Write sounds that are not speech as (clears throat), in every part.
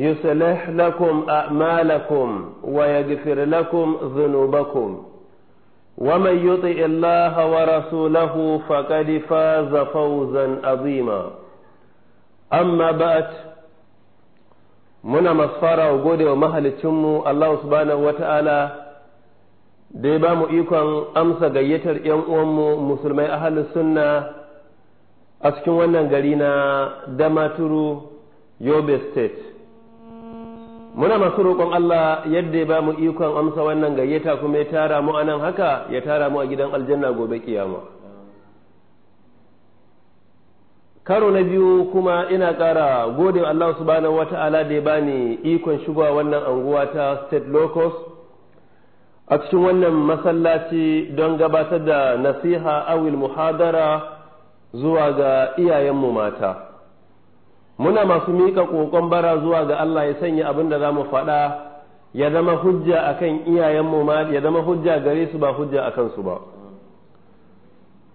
يصلح لكم أعمالكم ويغفر Wamai ذنوبكم ومن يطع الله ورسوله فقد فاز فوزا عظيما أما بعد muna masfara wa gode wa mahalicinmu Allah Subhana wa ta'ala da ya ba mu ikon amsa gayyatar ‘yan uwanmu musulmai ahalus sunna a cikin wannan gari na damaturu yobe state muna masu roƙon Allah yadda ya ba mu ikon amsa wannan gayyata kuma ya tara mu a nan haka ya tara mu a gidan aljanna gobe kiyama karo na biyu kuma ina ƙara godin Allah subhanahu ala da ya bani ikon shigowa wannan anguwa ta state locus a cikin wannan masallaci don gabatar da nasiha awil muhadara zuwa ga iyayenmu mata muna masu mika kokon bara zuwa ga Allah ya sanya abin da za mu faɗa ya zama hujja akan iyayenmu ma ya zama hujja gare su ba hujja a kansu ba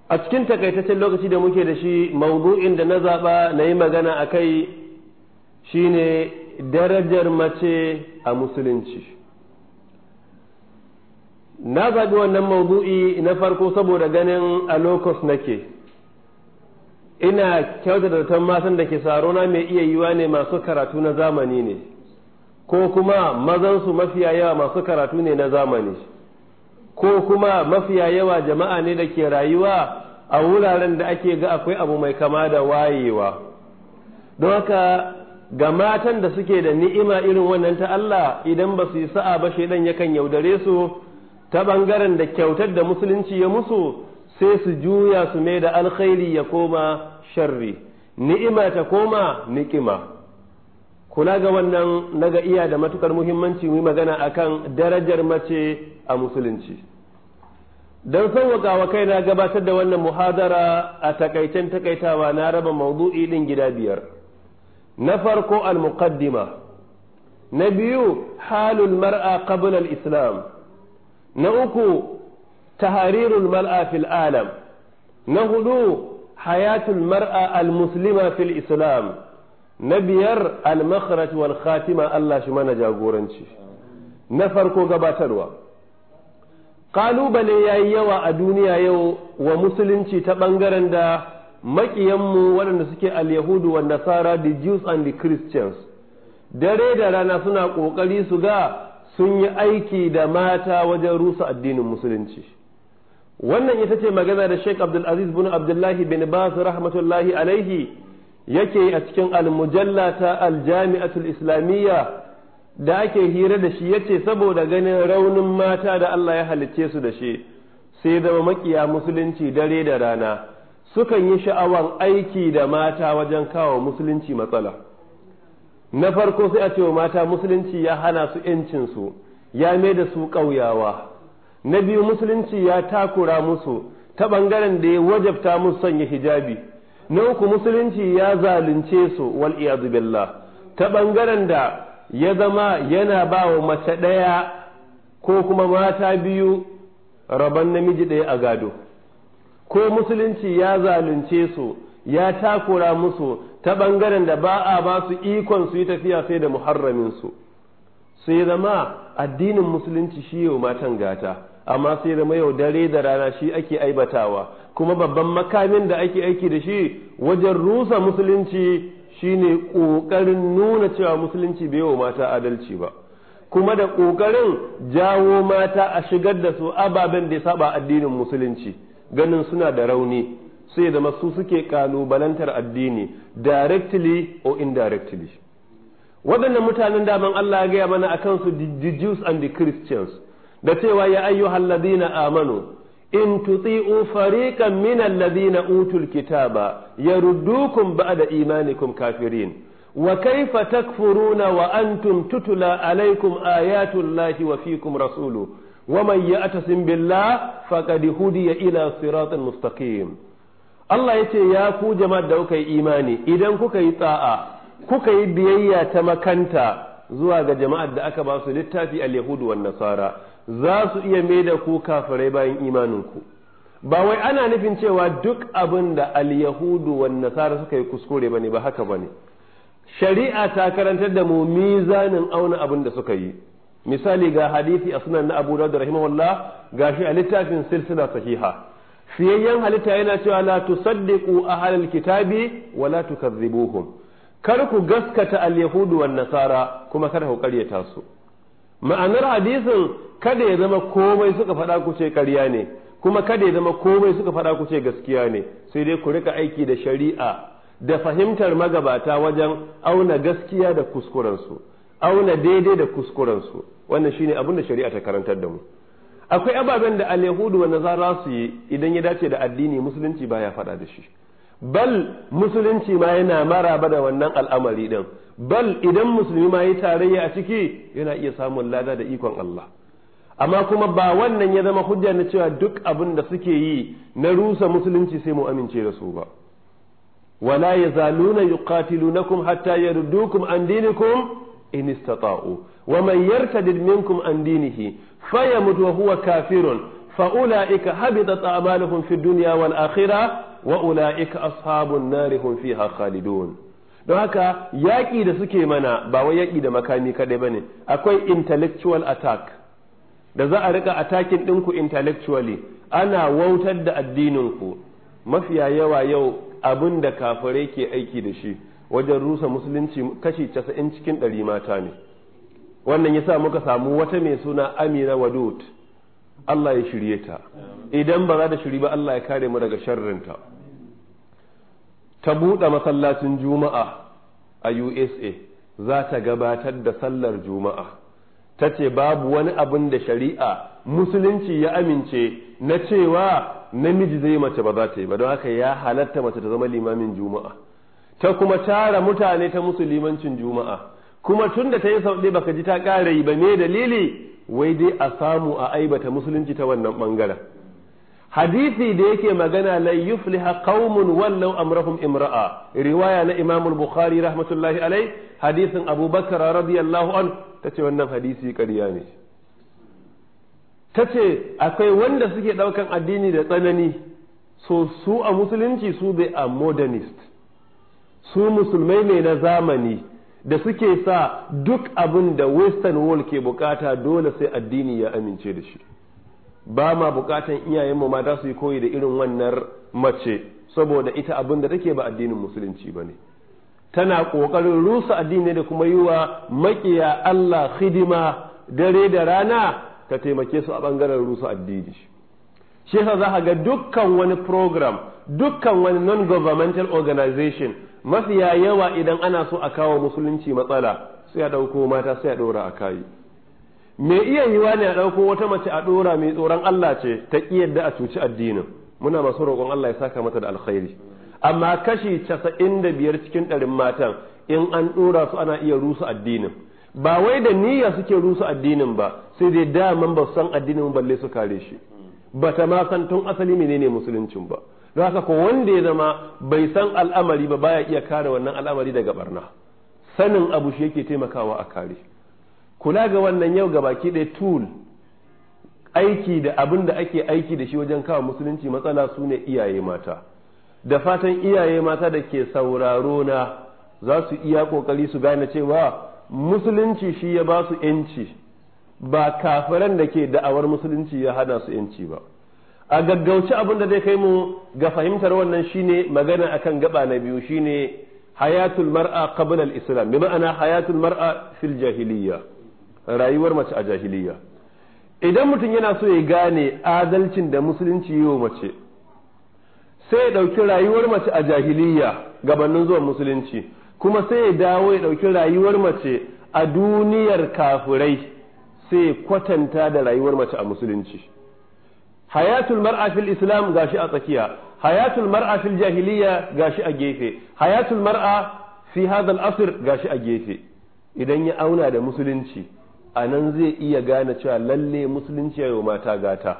a cikin takaitaccen lokaci da muke da shi maudu'in da na zaɓa na yi magana a kai shi ne darajar mace a musulunci na zaɓi wannan maudu'i na farko saboda ganin a lokos nake ina kyautata zaton matan da ke sarona mai iya yiwa ne masu karatu na zamani ne ko kuma mazansu mafiya yawa masu karatu ne na zamani ko kuma mafiya yawa jama'a ne da ke rayuwa a wuraren da ake ga akwai abu mai kama da wayewa don haka ga matan da suke da ni'ima irin wannan ta Allah idan ba su yi sa'a ba shaidan yakan yaudare su ta bangaren da kyautar da musulunci ya musu sai su juya su mai da alkhairi ya koma sharri ni'ima ta koma niƙima kula ga wannan naga iya da matukar muhimmanci mu magana akan darajar mace a musulunci don san wa kai na gabatar da wannan muhadara a takaicen takaitawa na raba maudu'i din gida biyar na farko al-muqaddima na biyu halul mar'a qabla al-islam na uku taharirul mar'a fil alam na hudu hayatul mar'a al muslima fil islam na biyar al makhraj wal khatima Allah shi mana jagoranci na farko gabatarwa ya yayi yawa a duniya yau wa musulunci ta bangaren da maƙiyanmu waɗanda suke al-yahudu wa nasara the jews and the christians dare da rana suna ƙoƙari su ga sun yi aiki da mata wajen rusa addinin musulunci wannan ita ce magana da Sheikh Abdul bin Abdullahi bin Bas rahmatullahi alaihi yake a cikin almujalla ta al islamiyya da ake hira da shi yace saboda ganin raunin mata da Allah ya halicce su da shi sai zama makiya musulunci dare da rana sukan yi sha'awan aiki da mata wajen kawo musulunci matsala na farko sai a ce mata musulunci ya hana su 'yancinsu ya mai da su ƙauyawa na biyu musulunci ya takura musu ta ɓangaren da ya wajabta musu sanya hijabi na uku musulunci ya zalunce su wal billah ta ɓangaren da ya zama yana ba wa mace ɗaya ko kuma mata biyu rabon namiji ɗaya a gado ko musulunci ya zalunce su ya takura musu ta ɓangaren da ba a ba su ikon su yi tafiya sai da muharraminsu, sai zama addinin musulunci shi yau matan gata amma sai da yau dare da rana shi ake aibatawa kuma babban makamin da ake aiki da shi wajen rusa musulunci shine ƙoƙarin nuna cewa musulunci bai wa mata adalci ba kuma da ƙoƙarin jawo mata a shigar da su ababen da ya saba addinin musulunci ganin suna da rauni sai da masu suke kalubalantar addini directly or indirectly waɗannan mutanen daman Allah ya gaya mana akan su the Jews and the Christians da cewa ya ayyuhal ladina amanu in tuti'u fariqan min alladhina utul kitaba yaruddukum ba'da imanikum kafirin wa kaifa takfuruna wa antum tutla alaykum ayatu llahi wa fikum rasulu wa man ya'tasim billah faqad hudiya ila siratin mustaqim Allah yace ya ku jama'ar da kuka yi imani idan kuka yi tsa'a kuka yi biyayya ta makanta zuwa ga jama'ar da aka ba su littafi al-yahudu wan nasara za su iya mai da ku kafirai bayan imaninku ba wai ana nufin cewa duk abin da alyahudu yahudu nasara suka yi kuskure bane ba haka bane shari'a ta karantar da mu mizanin auna abin da suka yi misali ga hadisi a sunan na Abu Dawud rahimahullah shi a littafin silsila sahiha fiyayyen halitta yana cewa la tusaddiqu ahlal kitabi wa la tukazzibuhum kar ku gaskata alyahudu wa nasara kuma kar ku karyata su ma'anar hadisin kada ya zama komai suka faɗa ku ce ƙarya ne kuma kada ya zama komai suka faɗa ku ce gaskiya ne sai dai ku rika aiki da shari'a da fahimtar magabata wajen auna gaskiya da kuskurensu auna daidai da kuskurensu wannan shine abin da shari'a ta karantar da mu akwai ababen da alyahudu wa nazara su yi idan ya dace da addini musulunci baya faɗa da shi bal musulunci ma yana maraba da wannan al'amari din bal idan musulmi ma yi tarayya a ciki yana iya samun lada da ikon Allah amma kuma ba wannan ya zama hujja na cewa duk abin da suke yi na rusa musulunci sai mu amince da su ba wala yazaluna yuqatilunakum hatta yardukum an dinikum in istata'u wa man yartadid minkum an dinihi fayamut wa huwa kafirun fa ulaika habitat a'maluhum fid dunya wal akhirah wa ulaika ashabun nar hum fiha khalidun don haka yaƙi da suke mana ba wai yaƙi da makami kaɗai ba ne akwai intellectual attack da za a rika attacking ɗinku intellectually ana wautar da addininku mafiya yawa yau abin da kafare ke aiki da shi wajen rusa musulunci kashi casa'in cikin ɗari mata ne wannan yasa muka samu wata mai suna amina wadud Allah ya shirye ta idan ba za ta shiri ba Allah ya kare mu daga sharrinta ta buɗe masallacin juma'a a usa za ta gabatar da sallar juma'a ta ce babu wani abin da shari'a musulunci ya amince na cewa namiji zai mace ba za ta yi ba don haka ya halatta mace ta zama limamin juma'a ta kuma tara mutane ta musulmancin juma'a kuma tun da ta yi sauɗe baka ji ta ƙara yi ba me dalili wai dai a samu a aibata musulunci ta wannan ɓangaren hadisi da yake magana la yufliha qaumun wallau amrahum imra'a riwaya na Imam al-Bukhari rahmatullahi alai hadisin Abu Bakr radiyallahu an tace wannan hadisi ƙarya ne tace akwai wanda suke daukan addini da tsanani so su a musulunci su be a modernist su musulmai ne na zamani da suke sa duk abin da western world ke bukata dole sai addini ya amince da shi ba ma bukatan iyayenmu mata su yi koyi da irin wannan mace saboda ita abin da take ba addinin musulunci ba ne tana ƙoƙarin rusa addini da kuma yi wa maƙiya Allah hidima dare da rana ta taimake su a ɓangaren rusa addini shi yasa za ga dukkan wani program dukkan wani non-governmental organization mafiya yawa idan ana so a kawo musulunci matsala sai a ɗauko mata sai a ɗora a kayi me iya yiwa ne a ɗauko wata mace a ɗora mai tsoron Allah ce ta ƙi yadda a cuci addinin muna masu roƙon Allah ya saka mata da alkhairi amma kashi casa'in da biyar cikin ɗarin matan in an ɗora su ana iya rusa addinin ba wai da niyya suke rusa addinin ba sai dai daman ba san addinin balle su kare shi ba ta ma san tun asali menene musuluncin ba don haka ko wanda ya zama bai san al'amari ba baya iya kare wannan al'amari daga barna sanin abu shi yake taimakawa a kare kula ga wannan yau ga baki ɗaya tool aiki da abin da ake aiki da shi wajen kawo musulunci matsala su ne iyaye mata da fatan iyaye mata da ke sauraro na za su iya kokari su gane cewa musulunci shi ya ba su yanci ba kafiran da ke da'awar musulunci ya hana su yanci ba a gaggauci abin da zai kai mu ga fahimtar wannan shine magana akan gaba na biyu shine hayatul mar'a qabla al-islam bi ma'ana hayatul mar'a fil jahiliyya rayuwar mace a jahiliya idan mutum yana so ya gane adalcin da musulunci yi wa mace sai ya ɗauki rayuwar mace a jahiliya gabanin zuwan musulunci kuma sai ya dawo ya ɗauki rayuwar mace a duniyar kafurai sai kwatanta da rayuwar mace a musulunci hayatul mar'a fil islam gashi a tsakiya hayatul mar'a fil jahiliya gashi a gefe hayatul mar'a fi hadal asr gashi a gefe idan ya auna da musulunci a nan zai iya gane cewa lalle musulunci ya yi mata gata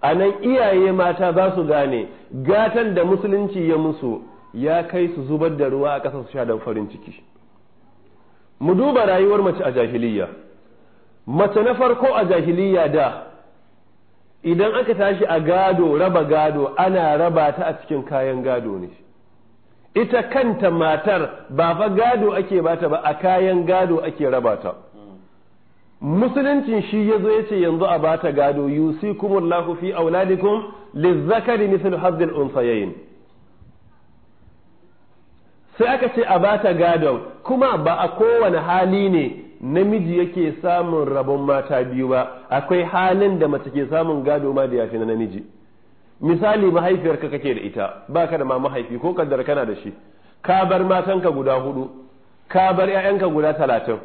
a nan iyaye mata za su gane gatan da musulunci ya musu ya kai su zubar da ruwa a ƙasa su sha don farin ciki mu duba rayuwar mace a jahiliya mace na farko a jahiliya da idan aka tashi a gado raba gado ana raba ta a cikin kayan gado ne ita kanta matar ba fa gado ake bata ba a kayan gado ake raba ta musuluncin shi ya zo ya ce yanzu a bata gado yusikumullahu fi auladikum lizzakari mithlu hazzil unsayayin sai aka ce a bata gado kuma ba a kowane hali ne namiji yake samun rabon mata biyu ba akwai halin da mace ke samun gado ma da yafi na namiji misali mahaifiyarka kake da ita baka da ma mahaifi ko kaddar kana da shi ka bar matanka guda hudu ka bar 'ya'yanka guda talatin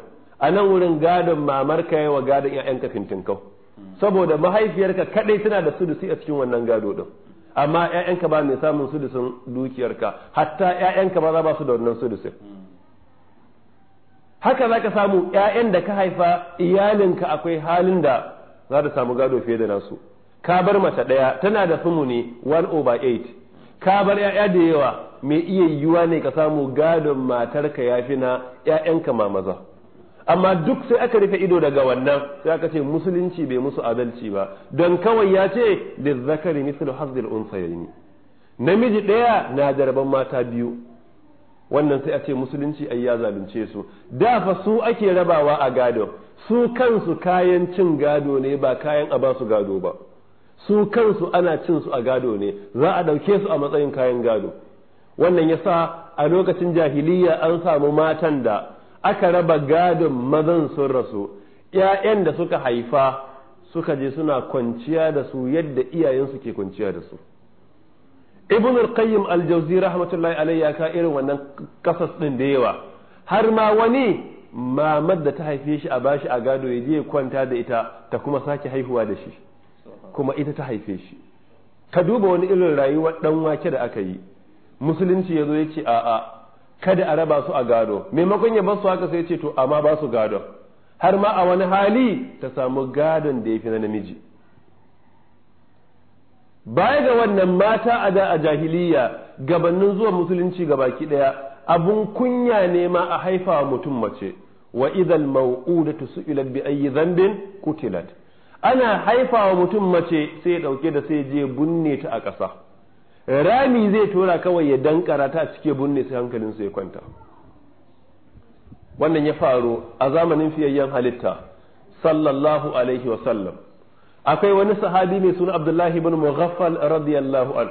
a nan wurin gadon mamar yi yawa gadon ƴaƴanka fintinkau saboda mahaifiyarka kaɗai tana da su a cikin wannan gado ɗin amma 'ya'yanka ba mai samun sudusin dukiyarka hatta 'ya'yanka ba za ba su da wannan su haka za ka samu 'ya'yan da ka haifa iyalinka akwai halin da za ta samu gado fiye da nasu ka bar mace ɗaya tana da ne 1 over 8 ka bar 'ya'ya da yawa mai iya yiwuwa ne ka samu gadon matar matarka yafi na 'ya'yanka ma maza amma duk sai aka rufe ido daga wannan sai aka ce musulunci bai musu adalci ba don kawai ya ce da zakari mislu hazil unsayaini namiji ɗaya na jarban mata biyu wannan sai a ce musulunci ai ya zalunce su da fa su ake rabawa a gado su kansu kayan cin gado ne ba kayan a basu gado ba su kansu ana cin su a gado ne za a ɗauke su a matsayin kayan gado wannan yasa a lokacin jahiliya an samu matan da aka raba gadon mazan sun rasu ‘ya'yan da suka haifa suka je suna kwanciya da su yadda iyayensu ke kwanciya da su ibn al-qayyim al-jawzi rahmatullahi alayhi ya ka irin wannan kasas din da yawa har ma wani mamad da ta haife shi a bashi a gado ya je kwanta da ita ta kuma sake haihuwa da shi kuma ita ta haife shi ka duba wani irin rayuwar dan wake da aka yi musulunci yazo yace a'a kada a raba su a gado maimakon ya basu haka sai ce to amma ba su gado har ma a wani hali ta samu gadon da ya fi na namiji baya ga wannan mata a da a jahiliya gabanin zuwa musulunci ga baki daya abun kunya ne ma a haifa mutum mace wa idal mau'udatu su'ilat bi ayyi dhanbin kutilat ana haifa wa mutum mace sai ya dauke da sai je bunne ta a ƙasa rami zai tura kawai ya dankara ta cike bunne sai hankalinsu ya kwanta wannan ya faru a zamanin fiyayyen halitta sallallahu alaihi wa sallam akwai wani sahabi mai suna abdullahi bin mughaffal radiyallahu an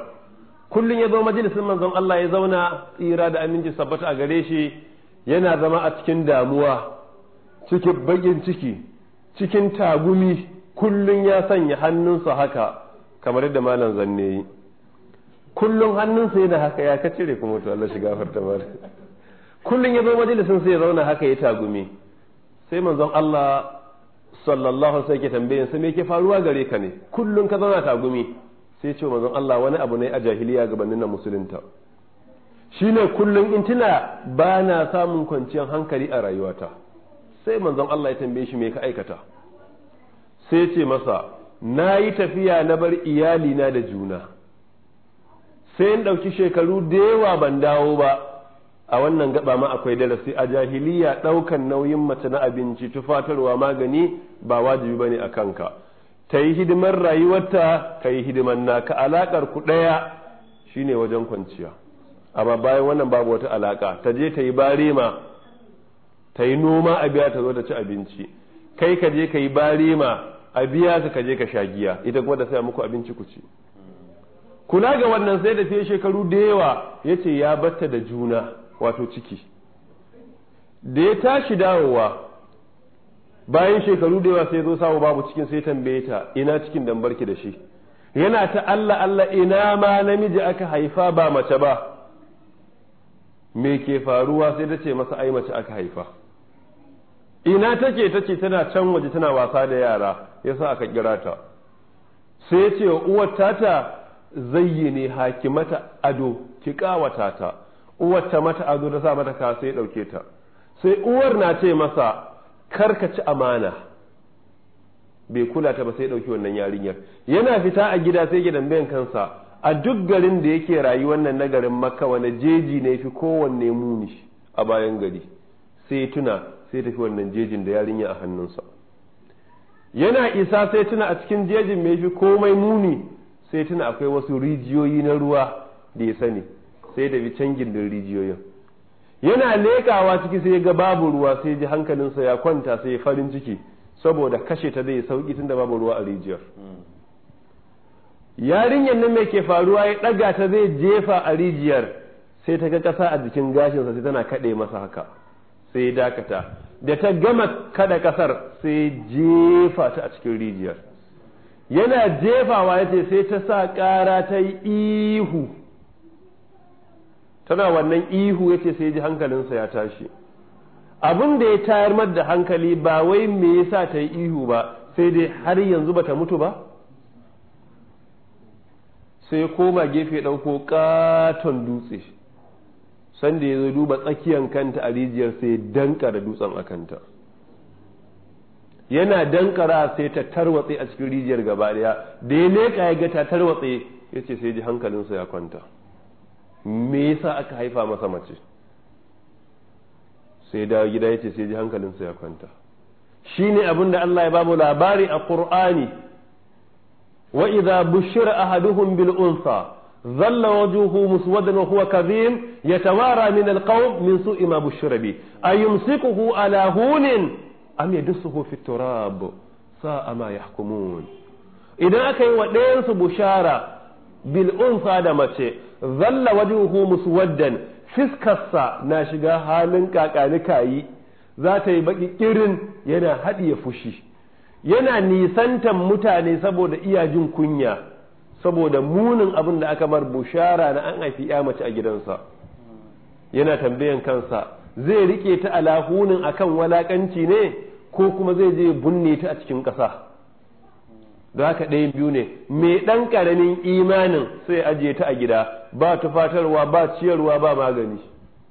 kullun ya zo majalisin manzon Allah ya zauna tsira da aminci sabbata a gare shi yana zama a cikin damuwa cikin bakin ciki cikin tagumi kullum ya sanya hannunsa haka kamar yadda malam zanne yi kullum hannunsa yana haka ya ka cire kuma to Allah shi gafarta ba kullum ya zo majalisin sai ya zauna haka ya tagumi sai manzon Allah sallallahu alaihi wasallam ke tambayin sa me yake faruwa gare ka ne kullum ka zauna tagumi sai ce manzon Allah wani abu ne a jahiliya gabanin na musulunta shine kullum in tuna ba na samun kwanciyar hankali a rayuwata sai manzon Allah ya tambaye shi me ka aikata sai ce masa na yi tafiya na bar iyalina da juna sai in ɗauki shekaru da yawa ban dawo ba a wannan gaba ma akwai darasi a jahiliya ɗaukan nauyin mace na abinci tufatarwa magani ba wajibi bane a kanka ta yi hidimar rayuwarta ka yi hidimar naka alaƙar ku ɗaya shine wajen kwanciya amma bayan wannan babu wata alaƙa ta je ta yi barema ta yi noma a biya ta zo ta ci abinci kai ka je ka yi barema a biya ka je ka sha giya ita kuma ta saya muku abinci ku ci kula ga wannan sai da ta shekaru da yawa ya ce ya batta da juna wato ciki da ya tashi dawowa bayan shekaru da yawa sai zo samu babu cikin sai tambaye ta ina cikin dan barki da shi yana ta Allah Allah ina ma namiji aka haifa ba mace ba me ke faruwa sai ta ce masa ai mace aka haifa ina take tace tana can waje tana wasa da yara yasa aka kira ta sai ce uwar tata zayyane haki mata ado ki kawata ta uwarta mata ado da sa mata ka sai dauke ta sai uwar na ce masa karka ci amana bai kula ta ba sai dauki wannan yarinyar yana fita a gida sai gidan bayan kansa a duk garin da yake rayu wannan na garin makka wani jeji ne fi kowanne muni a bayan gari sai tuna sai tafi wannan jejin da yarinya a hannunsa yana isa sai tuna a cikin jejin mai fi komai muni sai tuna akwai wasu rijiyoyi na ruwa da ya sani sai da can gindin rijiyoyin yana lekawa ciki sai ga babu ruwa sai ji hankalinsa ya kwanta sai farin ciki saboda kashe ta zai sauki tunda babu ruwa a rijiyar yarinyar nan mai ke faruwa ya ɗaga ta zai jefa a rijiyar sai ta ga ƙasa a jikin gashinsa sai tana kaɗe masa haka sai dakata da ta gama kada ƙasar sai jefa ta a cikin rijiyar yana jefawa ya ce sai ta sa ƙara ta yi ihu tana wannan ihu ya ce sai ji hankalinsa ya tashi abin da ya tayar mar da hankali ba wai me yasa ta yi ihu ba sai dai har yanzu ba ta mutu ba sai koma gefe ɗauko ƙaton dutse sanda ya zo duba tsakiyar kanta a rijiyar sai danka da dutsen a kanta yana dankara sai ta tarwatse a cikin rijiyar gaba daya da ya leka ya ga ta tarwatse ce sai ji hankalinsa ya kwanta me yasa aka haifa masa mace sai dawo gida ya ce sai ji hankalinsa ya kwanta ne abin da Allah ya babu labari a ƙur'ani wa idza bushira ahaduhum bil unsa ظل وجهه مسودا وهو كظيم min من القوم من سوء A بشر به ku على هون am yadussuhu fi turab sa'a ma yahkumun idan aka yi wa ɗayansu bushara bil unsa da mace zalla wajhuhu muswaddan fiskarsa na shiga halin kakanika yi za ta yi baki kirin yana haɗiye fushi yana nisantan mutane saboda iya jin kunya saboda munin abin da aka bar bushara na an haifi ya mace a gidansa yana tambayan kansa zai rike ta alahunin kan walakanci ne ko kuma zai je bunne ta a cikin ƙasa don haka ɗayan biyu ne mai ɗan ƙaramin imanin sai ajiye ta a gida ba tufatarwa ba ciyarwa ba magani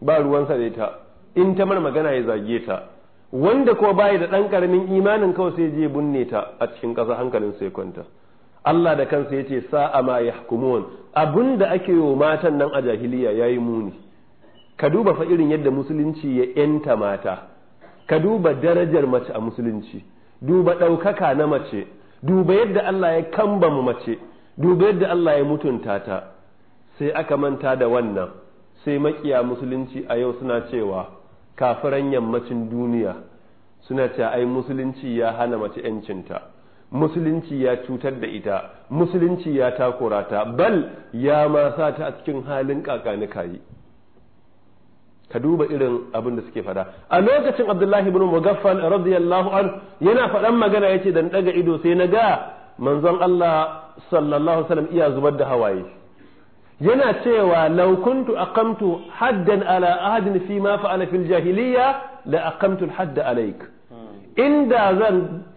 ba ruwan da ta. in ta mar magana ya zage ta wanda ko baya da ɗan ƙaramin imanin kawai sai je bunne ta a cikin ƙasa hankalin sai kwanta Allah da kansa ya ce sa'a ma yahkumun abin da ake yi wa matan nan a jahiliya yayi muni ka duba fa irin yadda musulunci ya yanta mata ka duba darajar mace a musulunci duba ɗaukaka na mace duba yadda Allah ya kamba mu mace duba yadda Allah ya mutunta ta sai aka manta da wannan sai makiya musulunci a yau suna cewa kafiran yammacin duniya suna cewa ai musulunci ya hana mace yancinta musulunci ya cutar da ita musulunci ya takura ta bal ya ma sa ta a cikin halin kakanikayi ka duba irin abin da suke fada a lokacin abdullahi ibn mugaffal radiyallahu an yana faɗan magana yace dan daga ido sai na ga manzon Allah sallallahu alaihi wasallam iya zubar da hawaye yana cewa law kuntu aqamtu haddan ala ahadin fi ma fa'ala fil jahiliyya la aqamtu al-hadd alayk inda zan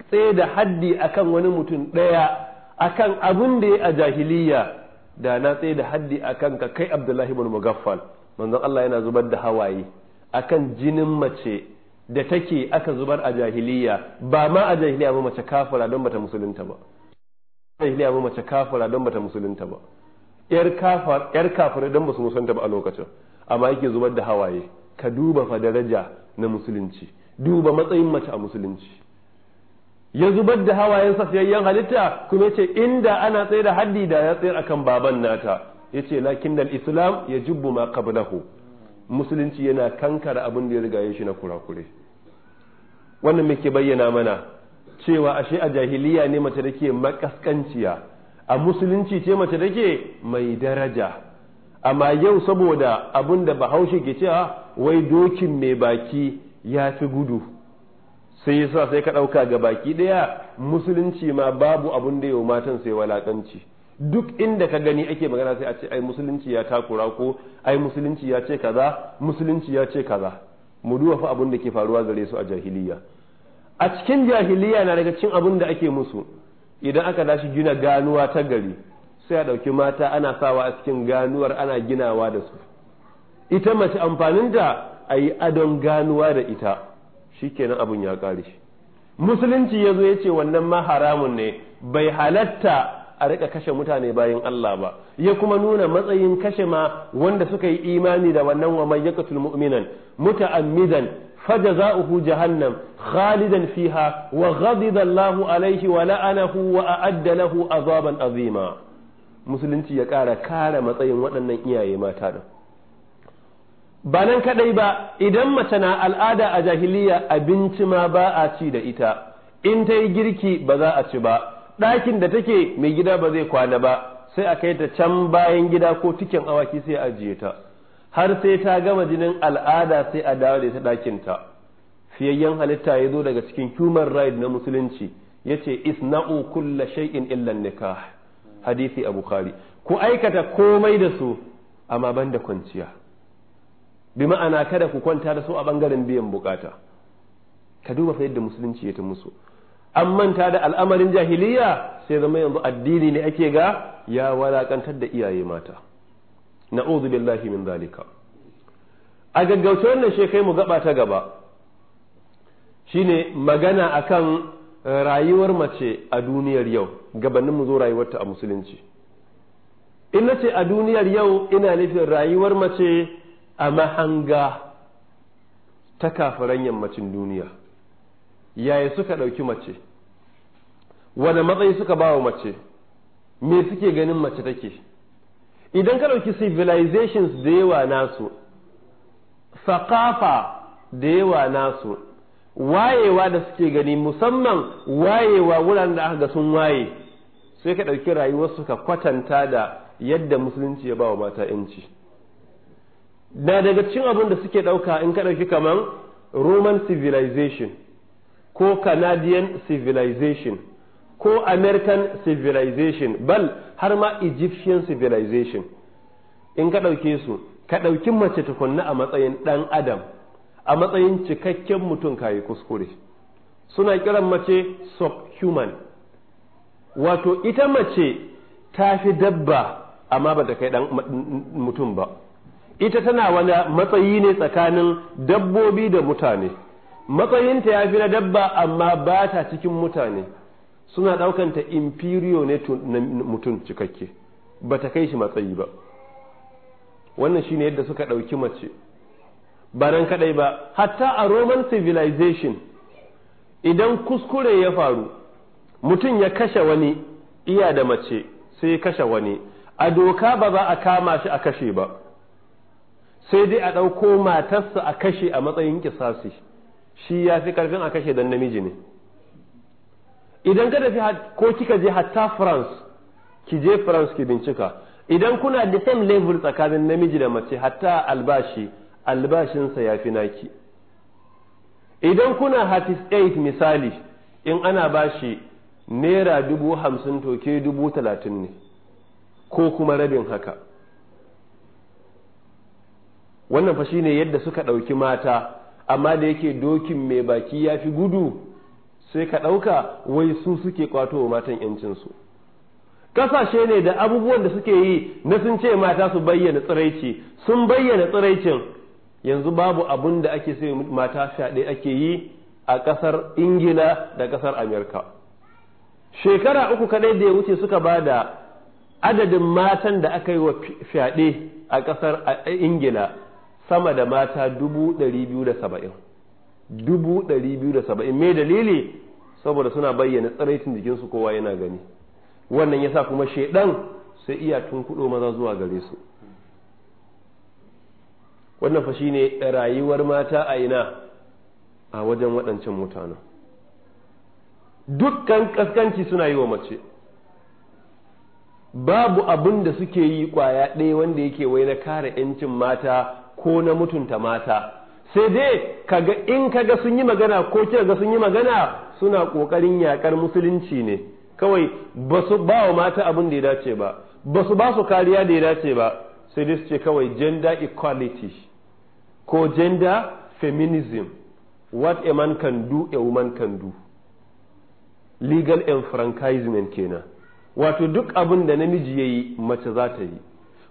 tsaye da haddi akan wani mutum daya akan abun da ya a jahiliyya da na tsaye da haddi akan ka kai abdullahi ibn mugaffal manzon Allah yana zubar da hawaye akan jinin mace da take aka zubar a jahiliya ba ma a jahiliya ba mace kafira don bata musulunta ba jahiliya ba mace kafira don bata musulunta ba yar kafar yar kafira don basu musulunta ba a lokacin amma yake zubar da hawaye ka duba fa daraja na musulunci duba matsayin mace a musulunci ya zubar da hawayen safiyayyen halitta kuma ce inda ana tsaye da haddi da ya tsayar akan baban nata Ya ce lakin dal islam jubbu ma qablahu musulunci yana kankara abin da ya riga shi na kurakure wannan muke bayyana mana cewa ashe a jahiliya ne mace take makaskanciya a musulunci ce mace take mai daraja amma yau saboda abin da bahaushe ke cewa wai dokin mai baki ya fi gudu sai yasa sai ka ɗauka ga baki ɗaya musulunci ma babu abin da yau matan sai walakanci duk inda ka gani ake magana sai a ce ai musulunci ya takura ko ai musulunci ya ce kaza musulunci ya ce kaza mu duba fa abin da ke faruwa gare su a jahiliya a cikin jahiliya na daga cin abun da ake musu idan aka dashi gina ganuwa ta gari sai a ɗauki mata ana sawa a cikin ganuwar ana ginawa da su ita mace amfaninta a yi adon ganuwa da ita shikenan abin ya ƙare shi musulunci ya zo ya ce wannan ma haramun ne bai halatta a rika kashe mutane bayan Allah ba ya kuma nuna matsayin kashe ma wanda suka yi imani da wannan wa man yaqtul mu'minan muta'ammidan fajaza'uhu jahannam khalidan fiha wa ghadiba Allahu alaihi wa la'anahu wa a'adda lahu azaban azima musulunci ya kara kare matsayin waɗannan iyaye mata da ba nan kadai ba idan mace na al'ada a jahiliya abinci ma ba a ci da ita in ta yi girki ba za a ci ba ɗakin da take mai gida ba zai kwana ba sai a kai ta can bayan gida ko tikin awaki sai a ajiye ta har sai ta gama jinin al'ada sai a dawo da ta ɗakin ta fiyayyen halitta ya zo daga cikin human right na musulunci ya yace isna'u kulla shay'in illan nikah hadisi a bukhari ku aikata komai da su amma ban da kwanciya bi ma'ana kada ku kwanta da su a bangaren biyan bukata ka duba fa yadda musulunci ya ta musu an manta da al'amarin jahiliya sai zama yanzu addini ne ake ga ya walakantar da iyaye mata na'udhu billahi min zalika a gaggauce wannan shekai mu gaba ta gaba shine magana akan rayuwar mace a duniyar yau gabanin mu zo rayuwarta a musulunci in ce a duniyar yau ina nufin rayuwar mace a mahanga ta kafaran yammacin duniya yaya suka ɗauki mace wane matsayi suka ba wa mace me suke ganin mace take idan ka ɗauki civilizations da yawa nasu sakafa da yawa nasu wayewa da suke gani musamman wayewa wuraren da aka ga sun waye sai ka ɗauki rayuwar suka kwatanta da yadda musulunci ya ba wa mata yanci na daga cikin abin da suke ɗauka in ka ɗauki kamar roman civilization ko canadian civilization ko american civilization bal har ma egyptian civilization in ka ɗauke su ka ɗauki mace tukunna a matsayin ɗan adam a matsayin cikakken mutum kayi kuskure suna kiran mace subhuman wato ita mace ta fi dabba amma ba ta kai ɗan mutum ba ita tana wani matsayi ne tsakanin dabbobi da mutane matsayinta ya fi na dabba amma ba ta cikin mutane suna ɗaukanta inferior ne mutum cikakke ba ta kai shi matsayi ba wannan shine yadda suka ɗauki mace ba nan kaɗai ba hatta a roman civilization idan kuskure ya faru mutum ya kashe wani iya da mace sai ya kashe wani a doka ba za a kama shi a kashe ba sai dai a ɗauko matarsa a kashe a matsayin kisasi shi ya fi karfin a kashe don namiji ne idan ka tafi ko kika je hatta France ki je France ki bincika idan kuna da same level tsakanin namiji da mace hatta albashi albashinsa ya fi naki idan kuna hatis 8 misali in ana bashi naira dubu hamsin toke dubu talatin ne ko kuma rabin haka wannan fa ne yadda suka ɗauki mata amma da yake dokin mai baki ya fi gudu sai ka ɗauka wai su suke kwato wa matan yancinsu ƙasashe ne da abubuwan da suke yi na sun ce mata su bayyana tsiraici sun bayyana tsiraicin yanzu babu abun da ake sai mata fyaɗe ake yi a ƙasar ingila da ƙasar amerika shekara uku kaɗai da ya wuce suka ba da adadin matan da aka yi wa fyaɗe a ƙasar ingila sama da mata dubu ɗari biyu da saba'in dubu ɗari biyu da saba'in mai dalili saboda suna bayyana tsaraitin jikinsu kowa yana gani wannan ya sa kuma shaidan sai iya tun kuɗo maza zuwa gare su wannan fa shine rayuwar mata a ina a wajen waɗancan mutanen dukkan kaskanci suna yi wa mace babu abin da suke yi kwaya ɗaya wanda yake wai na kare 'yancin mata ko na mutunta mata sai dai kaga in kaga sun yi magana ko kira ga sun yi magana suna kokarin yakar musulunci ne kawai ba su ba wa mata abin da ya dace ba ba su ba su kariya da ya dace ba sai dai su ce kawai gender equality ko gender feminism what a man can do a woman can do legal enfranchisement kenan wato duk abin da namiji ya yi mace za ta yi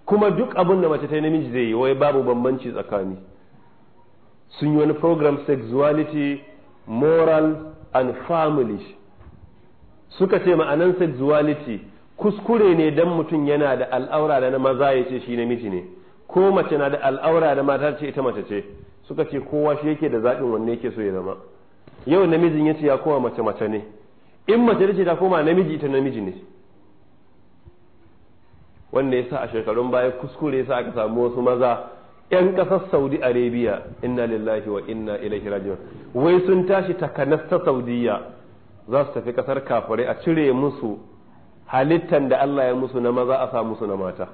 kuma duk abin da mace ta yi namiji zai yi wai babu bambanci tsakani sun yi wani program sexuality moral and family suka ce ma'anan sexuality kuskure ne dan mutum yana da al'aura da na maza ya ce shi namiji ne ko mace na da al'aura da mata ce ita mace ce suka ce kowa shi yake da zaɓin wanne yake so ya zama yau namijin ya ce ya koma mace mace ne in mace ce ta koma namiji ita namiji ne wanda ya sa a shekarun baya kuskure ya sa aka samu wasu maza 'yan ƙasar saudi arabia inna lillahi wa inna ilaihi rajiun wai sun tashi takanas ta saudiya za su tafi ƙasar kafare a cire musu halittan da allah ya musu na maza a sa musu na mata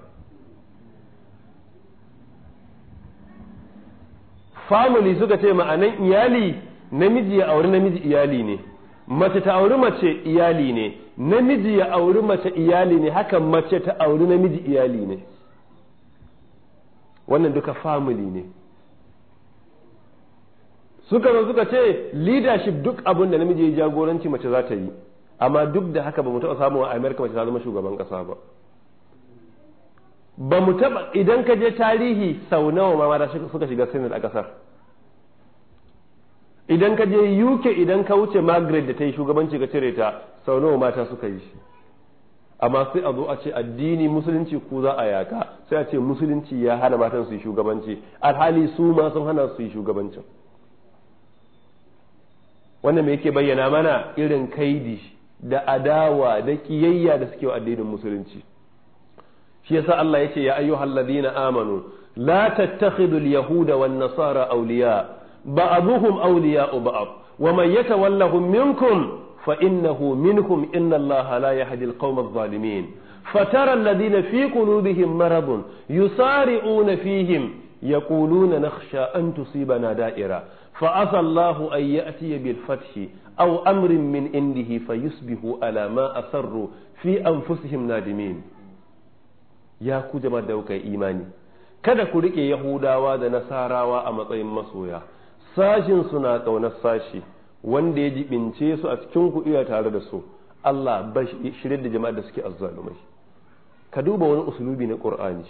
family suka ce ma'anan iyali namiji ya auri namiji iyali ne mace ta auri mace iyali ne namiji ya auri mace iyali ne haka mace ta auri namiji iyali ne wannan duka family ne suka zo suka ce leadership duk abin da namiji ya jagoranci mace za ta yi amma duk da haka ba mu taɓa samun a amerika mace ta zama shugaban ƙasa ba ba mu taɓa idan ka je tarihi sau nawa ma mata suka shiga senate a ƙasar idan ka je UK idan ka wuce Margaret da ta yi shugabanci ka cire ta sau nawa mata suka yi shi amma sai a zo a ce addini musulunci ku za a yaka sai a ce musulunci ya hana matan su yi shugabanci alhali su ma sun hana su yi shugabancin wannan me yake bayyana mana irin kaidi da adawa da kiyayya da suke wa addinin musulunci shi yasa Allah yace ya ayyuhal ladina amanu la tattakhidul yahuda wan nasara awliya ba'dhuhum awliya'u ba'd wa mai man yatawallahum minkum fa innahu minhum inna allaha la yahdi al-qawma adh-dhalimin fatara alladhina fi qulubihim maradun yusari'una fihim yaquluna nakhsha an tusibana da'ira فعسى الله أن يأتي بالفتح أو أمر من عنده فيصبحوا على ما أسروا في أنفسهم نادمين يا كجما دوك إيماني kada ku riƙe Yahudawa da Nasarawa a matsayin masoya sashin su na kaunar sashi wanda ya jibince su a cikin ku iya tare da su Allah ba shirye da jama'a da suke azzalumai ka duba wani usulubi na qur'ani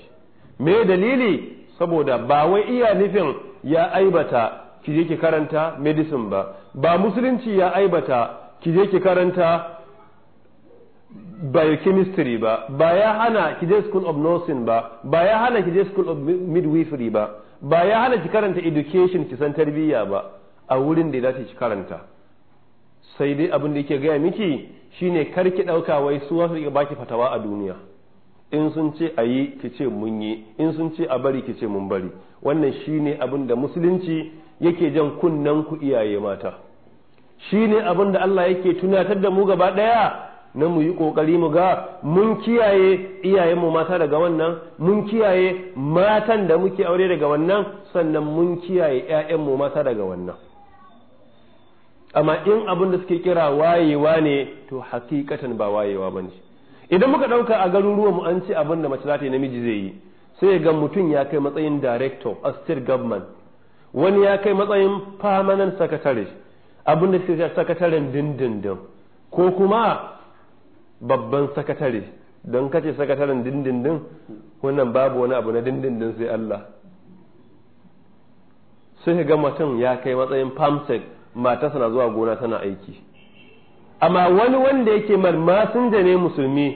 me dalili saboda ba wai iya nufin ya aibata ki je ki karanta medicine ba ba musulunci ya aibata ki je ki karanta biochemistry ba ba ya hana ki je school of nursing ba ba ya hana ki je school of midwifery ba ba ya hana ki karanta education ki san tarbiyya ba a wurin da za ki karanta sai dai abin da yake gaya miki shine kar ki dauka wai su wasu baki fatawa a duniya in sun ce a yi ki ce mun yi in sun ce a bari ki ce mun bari wannan shine abin da musulunci yake jan kunnen ku iyaye mata shine abin da Allah yake tunatar da mu gaba daya na mu yi ƙoƙari mu ga mun kiyaye iyayenmu mata daga wannan mun kiyaye matan da muke aure daga wannan sannan mun kiyaye 'ya'yanmu mata daga wannan amma in abin da suke kira wayewa ne to hakikatan ba wayewa ba idan muka ɗauka a garuruwan mu an ce abin da mace za ta yi namiji zai yi sai ga mutum ya kai matsayin director a state government wani ya kai matsayin permanent secretary abin da suke sakataren dindindin ko kuma babban sakatare don kace sakataren dindindin wannan babu wani abu na dindindin sai Allah sai ga mutum ya kai matsayin famsek matarsa na zuwa gona tana aiki amma wani wanda yake malmasin da ne musulmi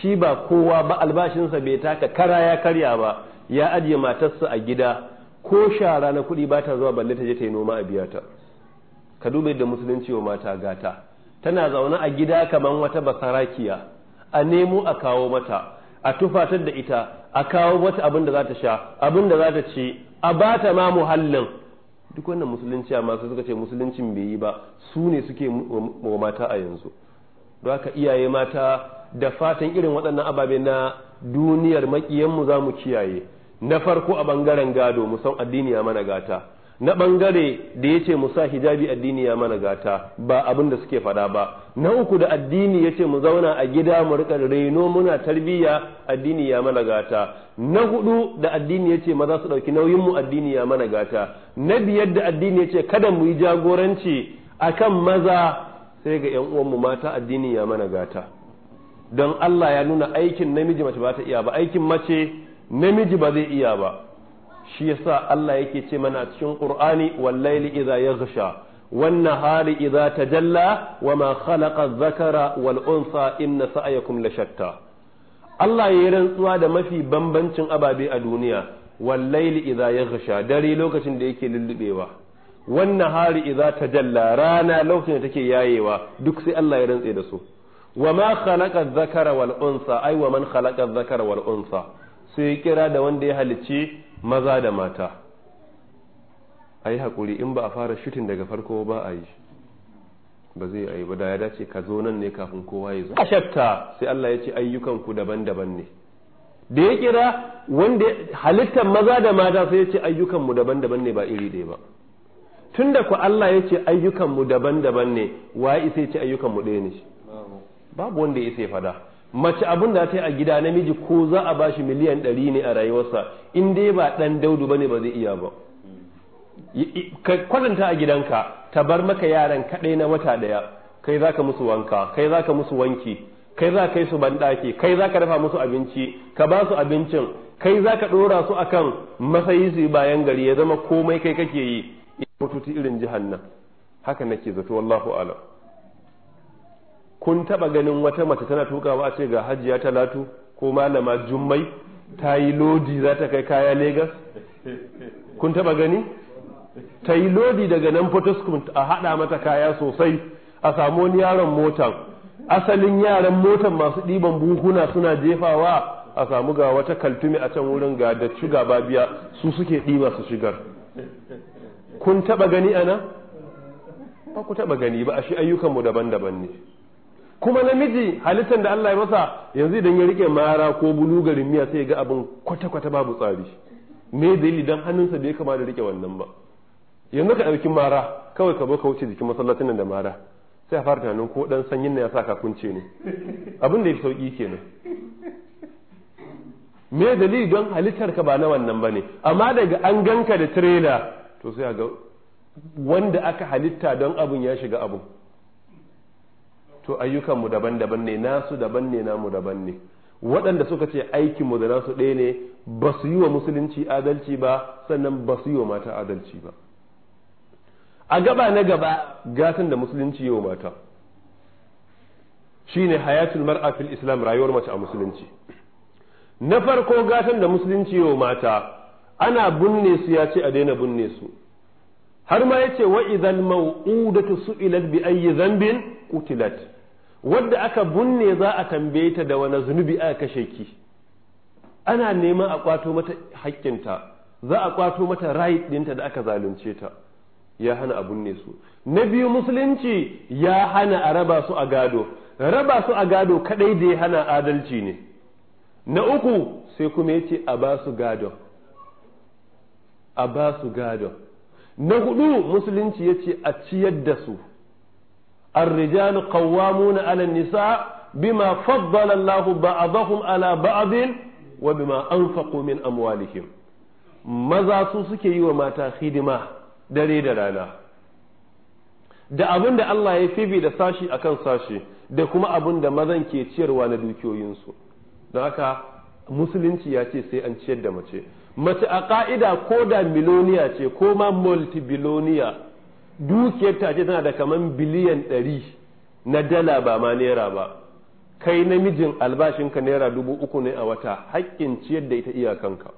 shi ba kowa ba albashinsa bai taka kara ya karya ba ya ajiye matarsa a gida ko shara na kuɗi ba ta zuwa balle ta je ta yi noma a biya ta ka duba yadda musulunci wa mata gata tana zaune a gida kamar wata basarakiya a nemo a kawo mata a tufatar da ita a kawo mata abin da za ta sha abin da za ta ci a ba ta ma muhallin duk wannan musulunci amma su suka ce musuluncin bai yi ba su ne suke wa mata a yanzu don haka iyaye mata da fatan irin waɗannan ababe na duniyar makiyanmu za mu kiyaye na farko a ɓangaren gado mu san addini ya mana gata na bangare da ya ce mu sa hijabi addini ya mana gata ba abin da suke fada ba na uku da addini ya ce mu zauna a gida mu rika reno muna tarbiyya addini ya mana gata na hudu da addini ya ce maza su ɗauki nauyinmu addini ya mana gata na biyar da addini ya ce kada mu yi jagoranci akan maza sai ga yan uwanmu mata addini ya mana gata don Allah ya nuna aikin namiji mace ba ta iya ba aikin mace namiji ba zai iya ba shi yasa Allah yake ce mana cikin Qur'ani wallaili idza yaghsha wan nahari idza tajalla wama khalaqa dhakara wal unsa inna sa'yakum lashatta Allah ya rantsuwa da mafi bambancin ababe a duniya wallaili idza yaghsha dare lokacin da yake lullubewa wan nahari idza tajalla rana lokacin da take yayewa duk sai Allah ya rantse da su wama khalaqa dhakara wal unsa ay wa man khalaqa dhakara wal unsa sai ya kira da wanda ya halicci maza da mata a yi haƙuri in ba a fara shutin daga farko ba a yi ba zai a yi ba da ya dace ka zo nan ne kafin kowa ya zo shakka sai Allah ya ce ayyukanku daban-daban ne da ya kira wanda halittar maza da mata sai ya ce ayyukanmu daban-daban ne ba iri ɗaya ba tun da ku Allah ya ce ayyukanmu daban-daban ne wa isa ya ce ayyukanmu ɗaya ne babu wanda ya isa ya fada mace abin da ta yi a gida namiji ko za a bashi miliyan ɗari ne a rayuwarsa in dai ba ɗan daudu bane ba zai iya ba ka kwatanta a gidanka ta bar maka yaran kaɗai na wata ɗaya kai za ka musu wanka kai za ka musu wanki kai za ka yi su banɗaki kai za ka dafa musu abinci ka ba su abincin kai za ka ɗora su akan masayi su bayan gari ya zama komai kai kake yi mututi irin jihannan haka nake zato wallahu alam kun taba ganin wata mace tana tukawa a ce ga hajiya talatu ko malama jummai ta yi lodi za ta kai kaya Legas? kun taba gani ta yi lodi daga nan photoscope a hada mata kaya sosai a samu wani yaron motan asalin yaran motan masu ɗiban buhuna suna jefawa a samu ga wata kaltumi a can wurin ga da shuga babiya su suke ɗiba su shigar kun taba gani ana ba ku taba gani ba a shi ayyukanmu daban-daban ne kuma namiji halittar da Allah ya masa yanzu idan ya rike mara ko bulugarin miya sai ya ga abin kwata-kwata babu tsari me dalili dan hannunsa bai kama da rike wannan ba yanzu ka ɗauki mara kawai ka zo ka wuce jikin masallacin da mara sai a fara tunanin ko dan sanyin na ya sa ka kunce ne abin da ya fi sauki kenan me dalili don halittar ka ba na wannan ba ne amma daga an ganka da tirela to sai ga wanda aka halitta don abun ya shiga abun to ayyukanmu daban-daban ne nasu daban ne namu daban ne waɗanda suka ce aikinmu da nasu ɗaya ne ba su yi wa musulunci adalci ba sannan ba su yi wa mata adalci ba a gaba na gaba gatan da musulunci yi wa mata ne hayatul mar'a fil islam rayuwar mace a musulunci na farko gatan da musulunci yi wa mata ana binne su ya ce a daina binne su har ma ya ce wa idan mau'udatu su'ilat bi ayyi dhanbin kutilat wadda aka bunne za a tambaye ta da wani zunubi aka kashe ki ana neman a kwato mata hakkinta za a kwato mata right dinta da aka zalunce ta ya hana a bunne su na biyu musulunci ya hana a raba su a gado raba su a gado kadai da ya hana adalci ne na uku sai kuma yace a ba su gado a ba su gado na hudu musulunci yace a ciyar da su الرجال قوامون على النساء بما فضل الله بعضهم على بعض وبما أنفقوا من أموالهم maza su suke yi wa mata hidima dare da rana da abin da Allah ya fi bi da sashi akan sashi da kuma abin da mazan ke ciyarwa na dukiyoyinsu don haka musulunci ya ce sai an ciyar da mace mace a ka'ida ko da miloniya ce ko ma multibiloniya dukiyar ta ce tana da kaman biliyan ɗari na dala ba ma naira ba kai namijin albashinka naira dubu uku ne a wata haƙƙin ciyar da ita iyakanka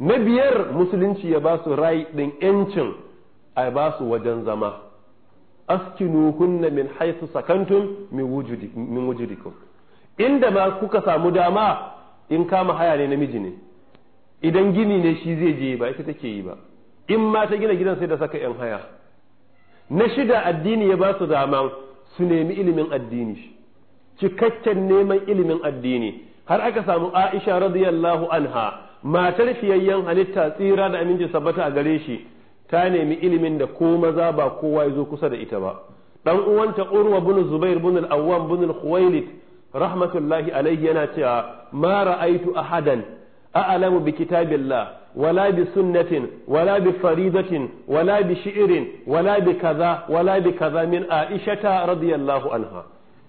na biyar musulunci ya ba su rai ɗin ‘yancin a ba su wajen zama askinu kunna min haisu sakantun min wujudikum inda ma kuka samu dama in kama haya ne namiji ne idan gini ne shi zai je ba ita take yi ba in ma ta gina gidan sai da saka yan haya na shida addini ya ba su dama su nemi ilimin addini cikakken neman ilimin addini har aka samu Aisha radiyallahu anha matar fiyayyen halitta tsira da aminci sabbata a gare shi ta nemi ilimin da ko maza ba kowa ya zo kusa da ita ba dan uwanta Urwa bin Zubair bin al-Awwam bin al-Khuwailid rahmatullahi alayhi yana cewa ma ra'aytu ahadan a'lamu bi kitabillah ولا بسنة sunnatin walabi ولا faridatin ولا بكذا ولا بكذا من kaza رضي الله kaza min aishata radiyallahu anha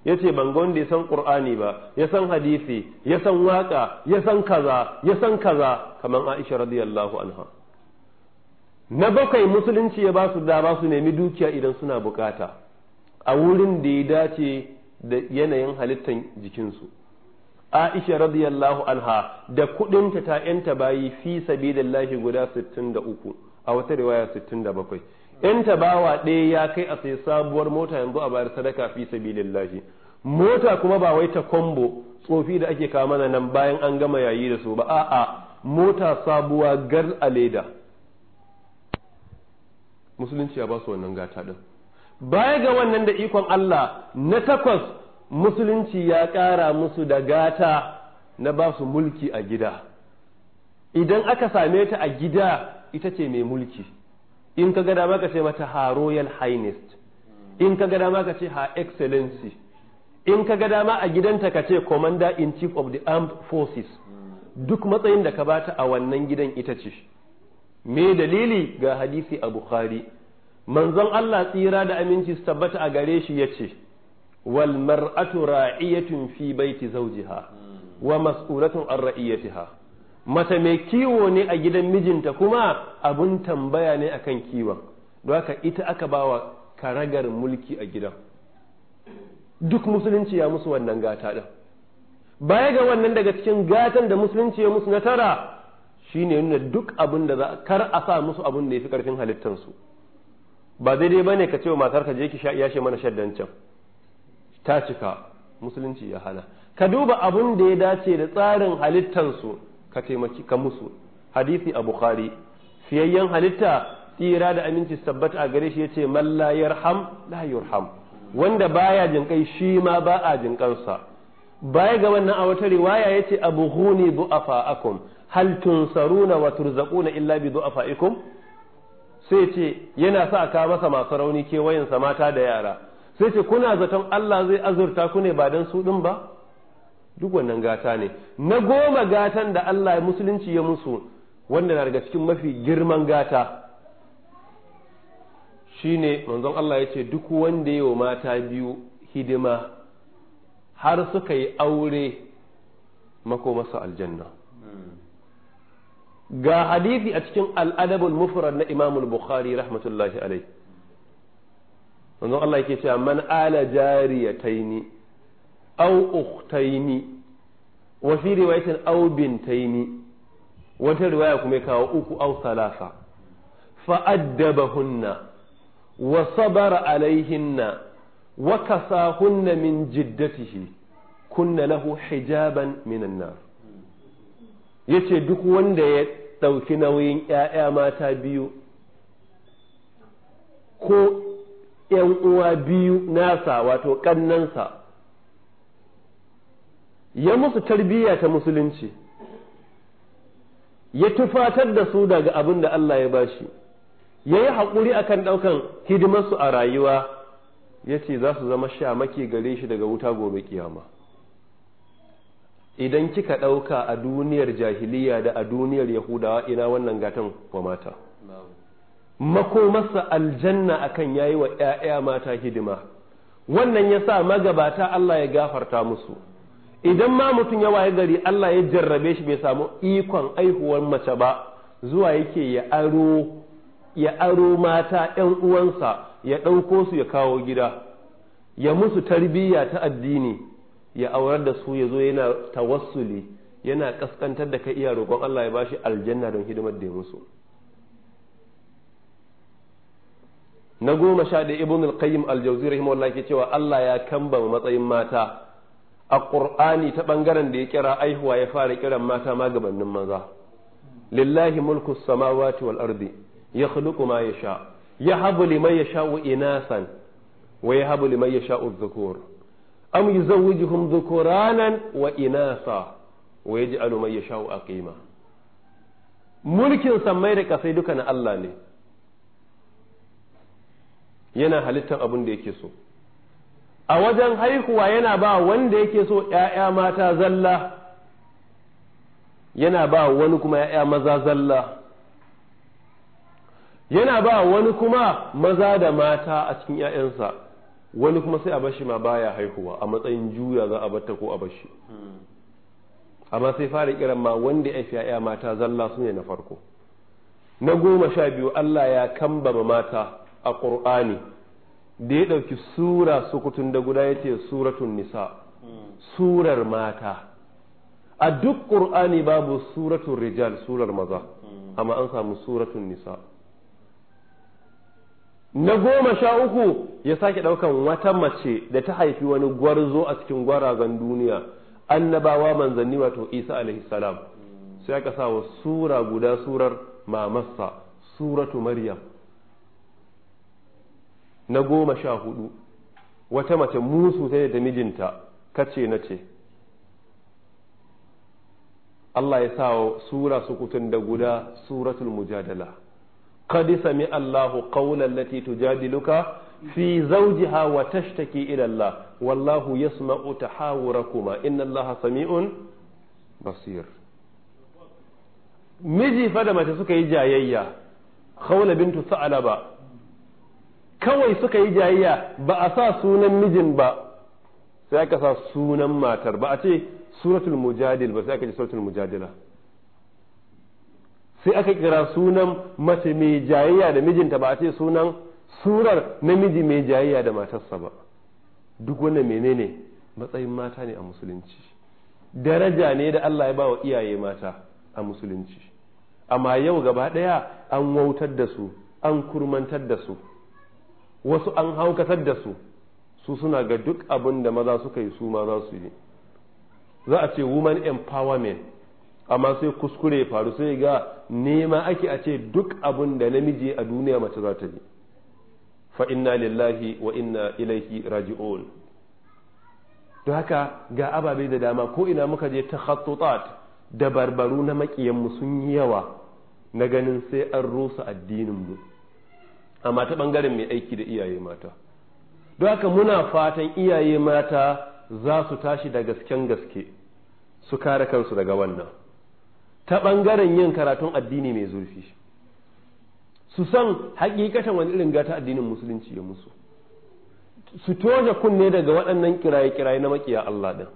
yace ban ga wanda ya san qur'ani ba ya san hadisi ya san waka ya san kaza ya san kaza kaman aisha radiyallahu anha na bakwai musulunci ya ba su da ba su nemi dukiya idan suna bukata a wurin da ya dace da yanayin halittar jikinsu Aisha radiyallahu anha da kudinta ta yanta bayi fi sabilillahi guda 63 a wata riwaya 67 yanta bawa ɗaya ya kai a sai sabuwar mota yanzu a bayar sadaka fi sabilillahi mota kuma ba wai ta kombo tsofi da ake kawo mana nan bayan an gama yayi da su ba a'a mota sabuwa gar a leda musulunci ya ba su wannan gata din baya ga wannan da ikon Allah na takwas musulunci ya ƙara musu da gata na ba su mulki a gida idan aka same ta a gida ita ce mai mulki in ka gada maka ce mata ha royal highness in ka gada maka ce ha excellency in ka gada ma a gidanta ka ce commander in chief of the armed forces duk matsayin da ka bata a wannan gidan ita ce me dalili ga hadisi a bukhari manzon Allah tsira da aminci su tabbata a gare shi ya ce wal mar'atu ra'iyatun fi baiti zawjiha wa mas'ulatun an ra'iyatiha Mata mai kiwo ne a gidan mijinta kuma abun tambaya ne akan kiwon don haka ita aka bawa karagar mulki a gidan duk musulunci ya musu wannan gata din baya ga wannan daga cikin gatan da musulunci ya musu na tara shine nuna duk abun da kar a sa musu abun da ya fi karfin halittansu ba daidai bane ka ce wa matar ka je ki iyashe mana shaddan can ta cika musulunci ya hana ka duba abun da ya dace da tsarin halittansu ka taimaki ka musu hadisi a bukhari fiyayyen halitta tsira da aminci tabbata a gare shi ya ce malla yarham la yurham wanda baya kai shi ma ba a jinkansa baya ga wannan a wata riwaya yace abughuni akum hal tunsaruna wa turzaquna illa bi du'afa'ikum sai ce yana sa ka masa masu rauni kewayensa mata da yara sai ce kuna zaton Allah zai azurta ku ne ba dan su din ba duk wannan gata ne na goma gatan da Allah ya musulunci ya musu wanda na daga cikin mafi girman gata shine manzon Allah ya ce duk wanda yi wa mata biyu hidima har suka yi aure mako masa aljanna ga hadithi a cikin al'adabul mufrad na imamul bukhari rahmatullahi alaihi manzon Allah yake cewa man ala jariyataini aw ukhtaini wa fi riwayatin aw bintaini wata riwaya kuma ya kawo uku aw salasa fa addabahunna wa sabara alaihinna wa kasahunna min jiddatihi kunna lahu hijaban minan nar yace duk wanda ya ɗauki nauyin ‘ya'ya mata biyu ko ‘yan uwa biyu nasa wato ƙannansa ya musu tarbiyya ta musulunci ya tufatar da su daga abin da Allah ya bashi ya yi haƙuri akan ɗaukan hidimarsu a rayuwa ya ce za su zama shamaki gare shi daga wuta gobe kiyama idan kika ɗauka a duniyar jahiliya da a duniyar yahudawa ina wannan gatan wa mata makomarsa aljanna akan yayi wa ‘ya'ya mata hidima wannan ya sa magabata Allah ya gafarta musu idan ma mutum ya waye gari Allah ya jarrabe shi bai samu ikon aihuwar mace ba zuwa yake ya aro ya aro mata ‘yan uwansa ya ɗauko su ya kawo gida ya musu tarbiyya ta addini ya aurar da su ya zo yana tawassuli yana kaskantar da kai iya roƙon Allah ya bashi aljanna don hidimar da ya musu. na goma sha da ibn al-qayyim al-jawzi rahimahullah cewa Allah ya kamba matsayin mata a qur'ani ta bangaren da ya kira aihuwa ya fara kiran mata magabannin maza lillahi mulku samawati wal ardi yakhluqu ma yasha yahabu liman yasha'u inasan wa yahabu liman yasha'u dhukur am yuzawwijuhum dhukuranan wa inasa wa yaj'alu man yasha'u aqima mulkin sammai da kasai duka na Allah ne yana halittar abin da yake so a wajen haihuwa yana ba wanda yake so ‘ya'ya mata zalla yana ba wani kuma ‘ya'ya maza zalla yana ba wani kuma maza da mata a cikin ‘ya'yansa wani kuma sai a bashi ma baya haihuwa a matsayin juya za a batta ko a bashi amma sai fara kiran ma wanda ya fi ‘ya'ya mata zalla sune na farko na goma sha biyu Allah ya kambama mata a ƙur'ani da ya ɗauki sura sukutun da guda ya ce suratun nisa surar mata a duk ƙur'ani babu suratun rijal surar maza amma an samu suratun nisa na goma sha uku ya sake ɗaukan wata mace da ta haifi wani gwarzo a cikin gwarazan duniya annabawa manzanni wato isa alaihi salam sai aka sa wa sura guda surar mamassa suratu maryam na goma sha hudu wata mace musu ta da mijinta kace nace Allah ya sa wa sura su kutun da guda suratul mujadala qad sami Allahu qawlan lati tujadiluka fi zawjiha wa tashtaki ila Allah wallahu yasma'u tahawurakuma inna Allaha sami'un basir miji fa da mace suka yi jayayya khawla bintu alaba. kawai suka yi jayayya ba a sa sunan mijin ba sai aka sa sunan matar ba a ce suratul mujadil ba sai aka ce suratul mujadila sai aka kira sunan mace mai jayayya da mijinta ba a ce sunan surar namiji mai jayayya da matarsa ba duk wannan menene matsayin mata ne a musulunci daraja ne da Allah ya ba wa iyaye mata a musulunci amma yau gaba ɗaya an wautar da su an kurmantar da su wasu an haukatar da su su suna ga duk abin da maza suka yi su ma za su yi za a ce woman empowerment amma sai kuskure faru sai ga nema ake a ce duk abin da namiji a duniya mace za ta yi fa inna lillahi wa inna ilaihi raji'un don haka ga ababe da dama ko ina muka je ta da barbaru na makiyan mu sun yi yawa na ganin sai an rusa addinin mu amma ta ɓangaren mai aiki da iyaye mata don haka muna fatan iyaye mata za su tashi da gasken gaske su kare kansu daga wannan ta ɓangaren yin karatun addini mai zurfi su san hakikatan wani irin gata addinin musulunci ya musu su toje kunne daga waɗannan kiraye-kiraye na makiya Allah ɗin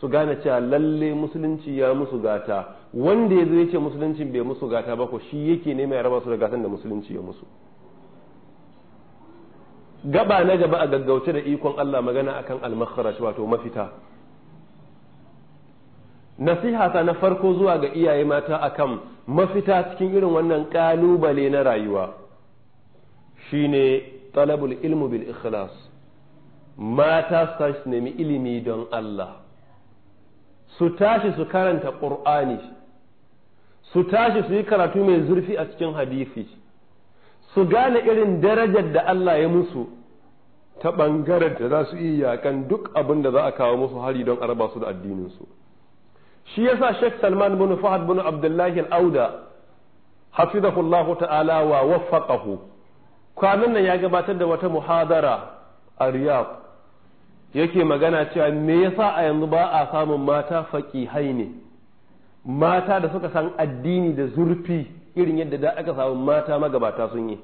su gane cewa lalle musulunci ya musu gata wanda ya zo ya ce musulunci bai musu gata ba ko shi yake ne mai raba su da gatan da musulunci ya musu gaba na gaba a gaggauce da ikon Allah magana akan al wato mafita nasiha ta na farko zuwa ga iyaye mata akan mafita cikin irin wannan kalubale na rayuwa shine talabul ilmu bil ikhlas mata su nemi ilimi don Allah su tashi su karanta qur'ani su tashi su yi karatu mai zurfi a cikin hadisi su gane irin darajar da Allah ya musu ta ɓangaren da za su iya yakan duk abin da za a kawo musu hari don araba su da addininsu shi yasa Sheikh Salman bin Fahad bin Abdullahi al-Auda hafizahullahu ta'ala wa waffaqahu kwanan nan ya gabatar da wata muhadara a Riyadh yake magana cewa me yasa a yanzu ba a samun mata faqihai ne mata da suka san addini da zurfi irin yadda da aka samu mata magabata sun yi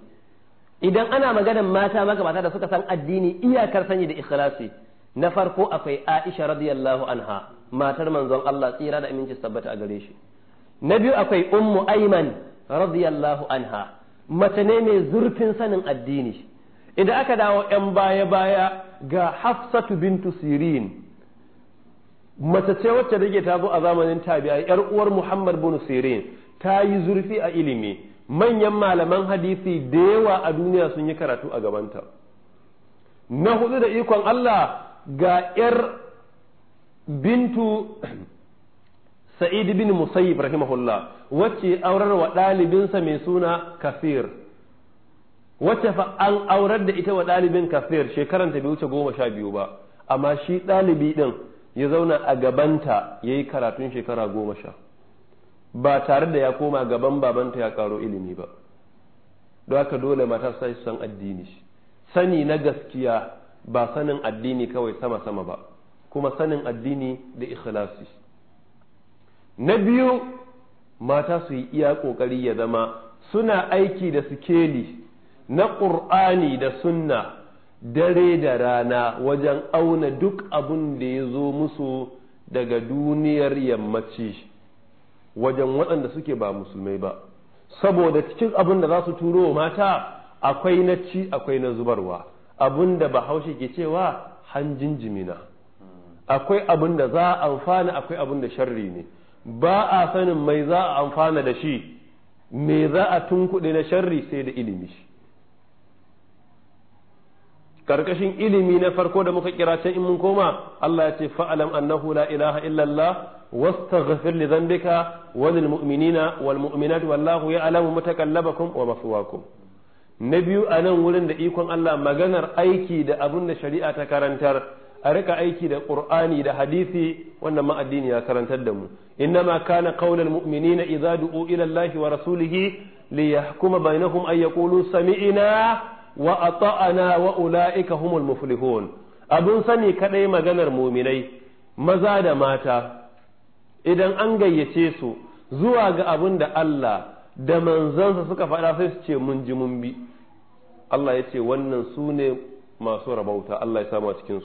idan ana maganar mata magabata da suka san addini iyakar sani da ikhlasi na farko akwai Aisha radiyallahu anha matar manzon Allah tsira da aminci tabbata a gare shi na biyu akwai ummu Ayman radiyallahu anha mace ne mai zurfin sanin addini idan aka dawo yan baya baya ga Hafsatu bintu Sirin mace ce wacce take ta a zamanin tabi'a yar uwar Muhammad bin Sirin ta yi zurfi a ilimi manyan malaman hadisi da yawa a duniya sun yi karatu a gabanta na hudu da ikon Allah ga 'yar bintu (clears throat) sa'id bin musayyib rahimahullah wacce aurar wa ɗalibinsa mai suna kafir wacce fa an aurar da ita wa ɗalibin kafir shekaran ta bai wuce goma sha biyu ba amma shi ɗalibi ɗin ya zauna a gabanta ya yi karatun shekara goma sha ba tare da ya koma gaban babanta ya karo ilimi ba don haka dole mata sai san addini sani na gaskiya ba sanin addini kawai sama-sama ba kuma sanin addini da ikhlasi na biyu mata su yi iya ƙoƙari ya zama suna aiki da sikeli na ƙur'ani da sunna dare da rana wajen auna duk abin da ya zo musu daga duniyar yammaci wajen waɗanda suke ba musulmai ba saboda cikin abin da za su turo mata akwai na ci akwai na zubarwa abin da bahaushe ke cewa hanjin jimina akwai abin da za a amfana akwai abin da sharri ne ba a sanin mai za a amfana da shi me za a tunkuɗe na sharri sai da ilimi karkashin ilimi na farko da muka kira can in mun koma Allah ya ce fa'alam annahu la ilaha illallah wastaghfir li dhanbika wa lil mu'minina wal mu'minati wallahu ya'lamu mutakallabakum wa maswaakum na biyu a nan wurin da ikon Allah maganar aiki da abin da shari'a ta karantar a rika aiki da qur'ani da hadisi wannan ma addini ya karantar da mu innama kana qaulal mu'minina idza du'u ila allahi wa rasulihi li yahkuma bainahum ay yaqulu sami'na wa ata'ana wa ula'ika humul muflihun abun sani kadai maganar muminai maza da mata idan an gayyace su zuwa ga abin da Allah da manzansa suka faɗa sai su ce mun ji mun bi Allah ya ce wannan su ne masu rabauta Allah ya samu a cikin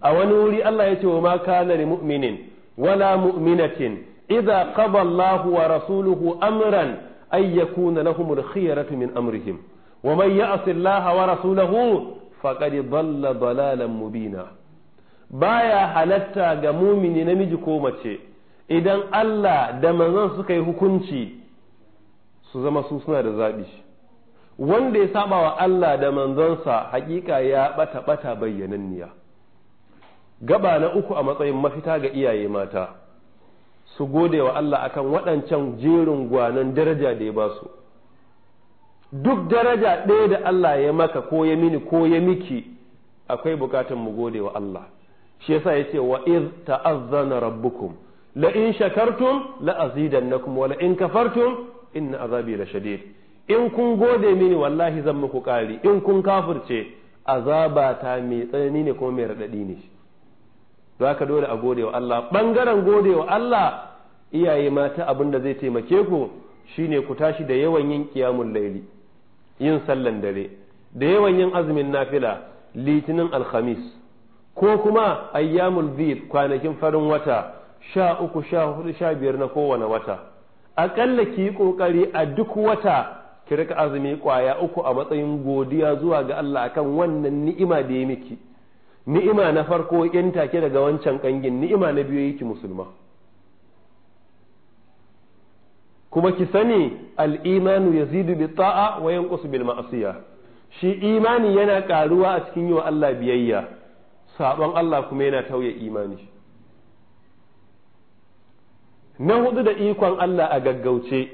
a wani wuri Allah ya ce wa ma kana li mu'minin wala mu'minatin idza qaballahu wa rasuluhu amran ay yakuna lahumul khiyaratu min amrihim wa man ya'si Allah wa rasulahu faqad dhalla dalalan mubina baya halatta ga mumini namiji ko mace idan Allah da manzon suka yi hukunci su zama su suna da zaɓi. wanda ya saba wa Allah da manzonsa hakika ya bata bata bayyananniya gaba na uku a matsayin mafita ga iyaye mata su gode wa Allah akan waɗancan jerin gwanan daraja da ya ba su duk daraja ɗaya da Allah ya maka ko ya mini ko ya miki akwai bukatan mu gode wa Allah shi yasa yace wa iz ta'azzana rabbukum la in shakartum la azidannakum wa la in kafartum inna azabi lashadid in kun gode mini wallahi zan muku ƙari in kun kafirce ta mai tsanani ne ko mai radadi ne zaka dole a gode wa Allah Bangaren gode wa Allah iyaye mata abin da zai taimake ku shine ku tashi da yawan yin ƙiyamun laili yin sallan dare da yawan yin azumin nafila litinin alhamis ko kuma ayyamul bid kwanakin farin wata sha uku sha hudu sha biyar na kowane wata aƙalla ki yi ƙoƙari a duk wata ki rika azumi kwaya uku a matsayin godiya zuwa ga Allah akan wannan ni'ima da ya miki ni'ima na farko in take daga wancan kangin ni'ima na biyu yake musulma kuma ki sani al-imanu yazidu bi ta'a wa yanqusu bil ma'siyah shi imani yana ƙaruwa a cikin yiwa Allah biyayya sabon Allah kuma yana tauye imani na hudu da ikon Allah a gaggauce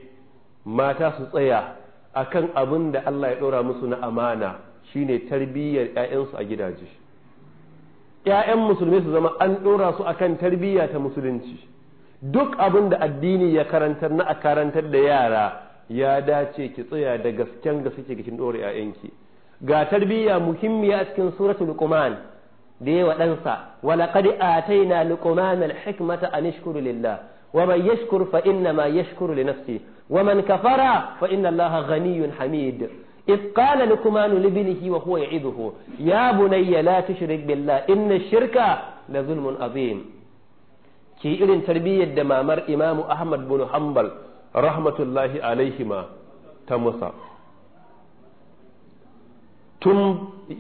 mata su tsaya akan abin da Allah ya ɗora musu na amana shine tarbiyyar 'ya'yansu a gidaje 'ya'yan musulmi su zama an ɗora su akan tarbiyya ta musulunci duk abin da addini ya karantar na a karantar da yara ya dace ki tsaya da gasken da suke cikin dore ƴaƴanki ga tarbiyya muhimmiya a cikin suratu luqman da yawa ɗansa walaqad ataina luqman alhikmata an yashkuru lillah wa man yashkur fa inna ma yashkuru li nafsi wa man kafara fa inna allaha ghaniyyun hamid إذ قال لقمان لابنه وهو ya يا بني لا تشرك inna shirka الشرك zulmun عظيم ki irin tarbiyyar da mamar imamu ahmad bin hanbal rahmatullahi alaihima ta musa tun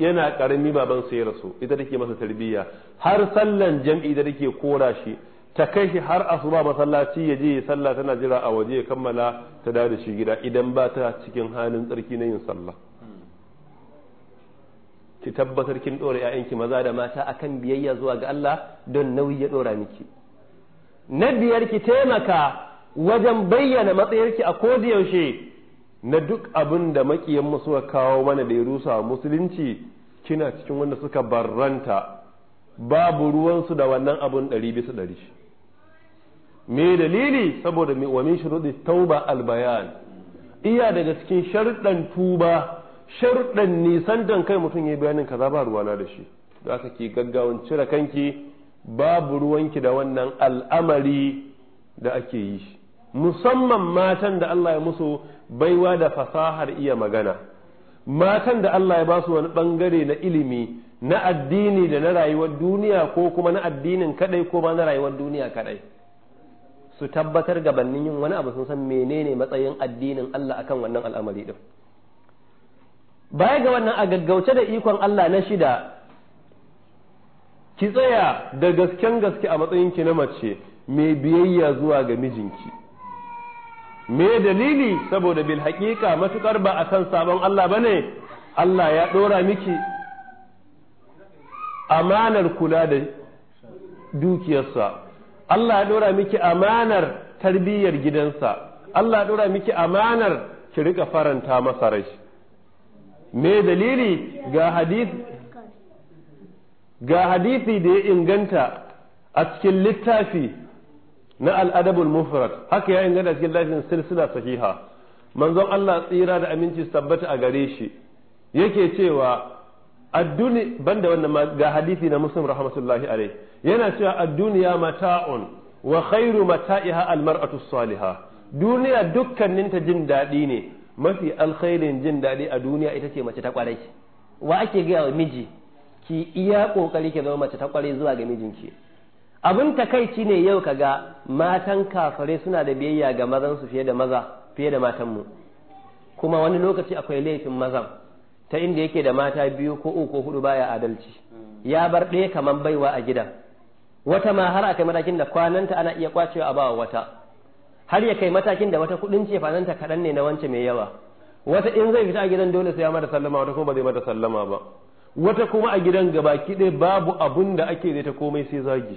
yana karami baban sai rasu ita take masa tarbiyya har sallan jam'i da take kora shi ta kai shi har asuba masallaci ya je sallah tana jira a waje ya kammala ta dawo da shi gida idan ba ta cikin halin tsarki na yin sallah ki tabbatar kin dora ƴaƴanki maza da mata akan biyayya zuwa ga Allah don nauyi ya dora miki na biyar ki taimaka wajen bayyana matsayarki a yaushe na duk abin da makiyan suka kawo mana da ya rusa musulunci kina cikin wanda suka barranta babu ruwansu da wannan abun ɗari bisa ɗari me dalili saboda wa min shuruɗi tauba albayan iya daga cikin sharuɗan tuba sharuɗan nisan kai mutum ya yi bayanin kaza ba ruwana da shi da aka ki gaggawan cire kanki babu ruwanki da wannan al'amari da ake yi musamman matan da Allah ya musu baiwa da fasahar iya magana matan da Allah ya ba su wani bangare na ilimi na addini da na rayuwar duniya ko kuma na addinin kadai ko ba na rayuwar duniya kadai su tabbatar gabanin yin wani abu sun san menene matsayin addinin Allah akan wannan al'amari din baya ga wannan a gaggauce da ikon Allah na shida ki tsaya da gasken gaske a matsayinki na mace mai biyayya zuwa ga mijinki me dalili saboda bil haƙiƙa matuƙar ba a san sabon Allah bane Allah ya ɗora miki amanar kula da dukiyarsa Allah ya ɗora miki amanar tarbiyyar gidansa Allah ya ɗora miki amanar ki rika faranta masa rai me dalili ga hadith ga hadisi da ya inganta a cikin littafi na al'adabul mufrad haka ya inganta cikin lafiyar silsila sahiha manzon Allah tsira da aminci tabbata a gare shi yake cewa adduni banda wannan ga hadisi na muslim rahmatullahi alai yana cewa adduniya mata mata'un wa khairu mata'iha al-mar'atu salihah duniya dukkaninta jin daɗi ne mafi alkhairin jin daɗi a duniya ita ce mace ta kwarai wa ake gaya wa miji ki iya kokari ki zama mace ta kware zuwa ga mijinki abin takaici ne yau kaga matan kafare suna da biyayya ga mazan su fiye da maza fiye da matan mu kuma wani lokaci akwai laifin mazan ta inda yake da mata biyu ko uku ko hudu baya adalci ya bar ɗaya kaman baiwa a gidan wata ma har akai matakin da kwananta ana iya kwacewa a bawa wata har ya kai matakin da wata kudin ce fananta kaɗan ne na wance mai yawa wata in zai fita a gidan dole sai ya mata sallama wata ko ba zai mata sallama ba wata kuma a gidan gabaki ɗaya babu abun da ake da ta komai sai zagi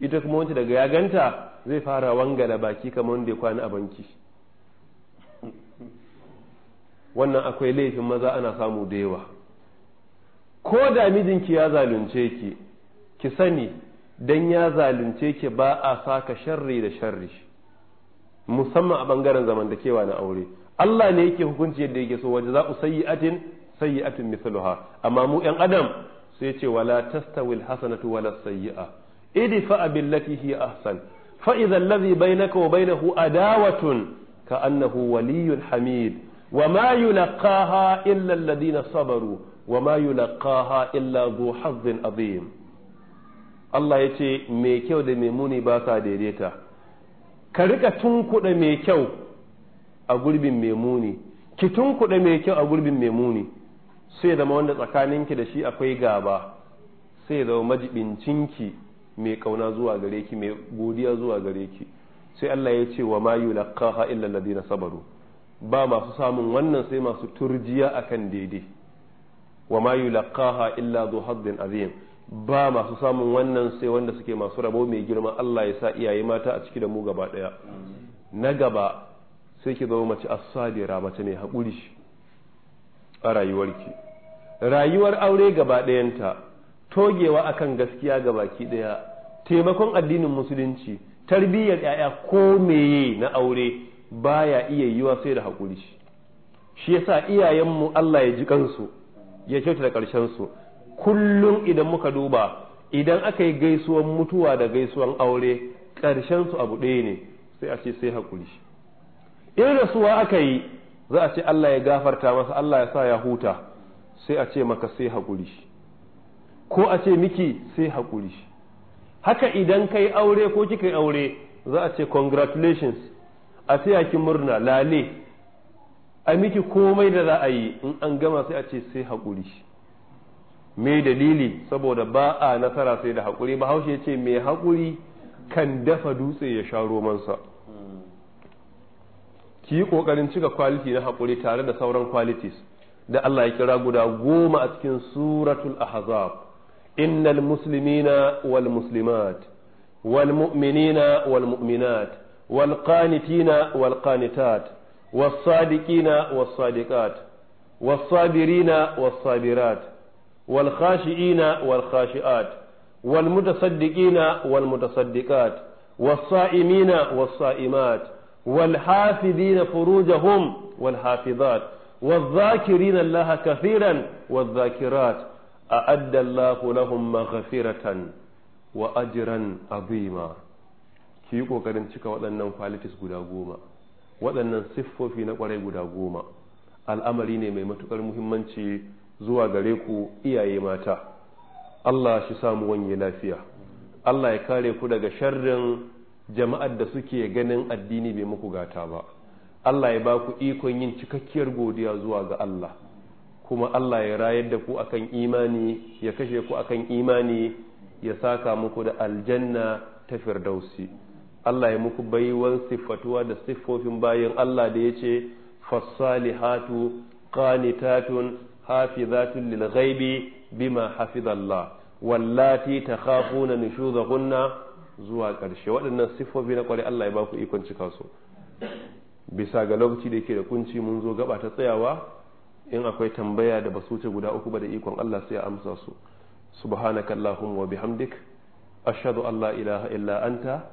ita kuma wanda daga ya ganta zai fara wanga da baki kamar wanda ya kwana a banki wannan akwai laifin maza ana samu da yawa ko da mijinki ya zalunce ki ki sani dan ya zalunce ki ba a saka sharri da sharri musamman a bangaren zamantakewa na aure Allah ne yake hukunci yadda yake so waje za ku sayyi'atin sayyi'atun mithluha amma mu yan adam sai ce wala tastawil hasanatu wala sayyi'a idfa billati hi ahsan fa idha alladhi bainaka wa bainahu adawatun ka annahu waliyyun hamid wa ma yulqaha illa alladhina sabaru wa ma yulqaha illa dhu hazzin azim Allah ya ce mai kyau da mai muni ba sa daidaita ka rika tunkuɗa mai kyau a gurbin mai muni ki tunkuɗa mai kyau a gurbin mai muni sai ya zama wanda tsakaninki da shi akwai gaba sai zama majibincinki mai kauna zuwa gare ki mai godiya zuwa gare ki sai Allah ya ce wa ma yulaqaha illa alladhina sabaru ba masu samun wannan sai masu turjiya akan daidai wa ma yulaqaha illa dhu haddin azim ba masu samun wannan sai wanda suke masu rabo mai girma Allah ya sa iyaye mata a ciki da mu gaba daya na gaba sai ki zama mace as-sabira mace mai haƙuri a rayuwarki rayuwar aure gaba ɗayanta togewa akan gaskiya ga baki ɗaya taimakon addinin musulunci tarbiyyar 'ya'ya ko meye na aure baya iya yiwa sai da haƙuri shi yasa iyayenmu Allah ya ji kansu ya kyauta da ƙarshensu kullum idan muka duba idan aka yi gaisuwan mutuwa da gaisuwan aure ƙarshensu su abu ɗaya ne sai a ce sai haƙuri in rasuwa aka yi za a ce Allah ya gafarta masa Allah ya sa ya huta sai a ce maka sai haƙuri ko a ce miki sai haƙuri haka idan kai aure ko kika aure za a ce congratulations a sai ki murna lale a miki komai da za a yi in an gama sai a ce sai haƙuri me dalili saboda ba a nasara sai da haƙuri ba haushe ce mai haƙuri kan dafa dutse ya sha romansa hmm. ki yi ƙoƙarin cika kwaliti na haƙuri tare da sauran qualities da Allah ya kira guda goma a cikin suratul ahzab innal muslimina wal muslimat wal mu'minina wal mu'minat wal qanitina wal qanitat was sadiqina was sadiqat was sabirina was sabirat wal khashiina wal khashiat wal mutasaddiqina wal mutasaddiqat was sa'imina was sa'imat wal hafidina furujahum wal hafizat والذاكرين الله كثيرا والذاكرات أعد الله لهم مغفرة وأجرا عظيما ki yi ƙoƙarin cika waɗannan qualities guda goma waɗannan siffofi na ƙwarai guda goma al'amari ne mai matuƙar muhimmanci zuwa gare ku iyaye mata Allah shi samu wanye lafiya Allah ya kare ku daga sharrin jama'ar da suke ganin addini bai muku gata ba Allah ya ba ku ikon yin cikakkiyar godiya zuwa ga Allah kuma Allah ya rayar da ku akan imani ya kashe ku akan imani ya saka muku da aljanna ta firdausi Allah ya muku baiwan siffatuwa da siffofin bayan Allah da ya ce fassalihatu qanitatun hafizatun lil ghaibi bima hafizallah wallati takhafuna nushuzahunna zuwa ƙarshe waɗannan siffofi na ƙwarai Allah ya ba ku ikon cika su bisa ga lokaci da ke da kunci mun zo gaba ta tsayawa in akwai tambaya da basu wuce guda uku ba da ikon Allah sai a amsa su subhanaka allahumma wa bihamdik ashhadu an la ilaha illa anta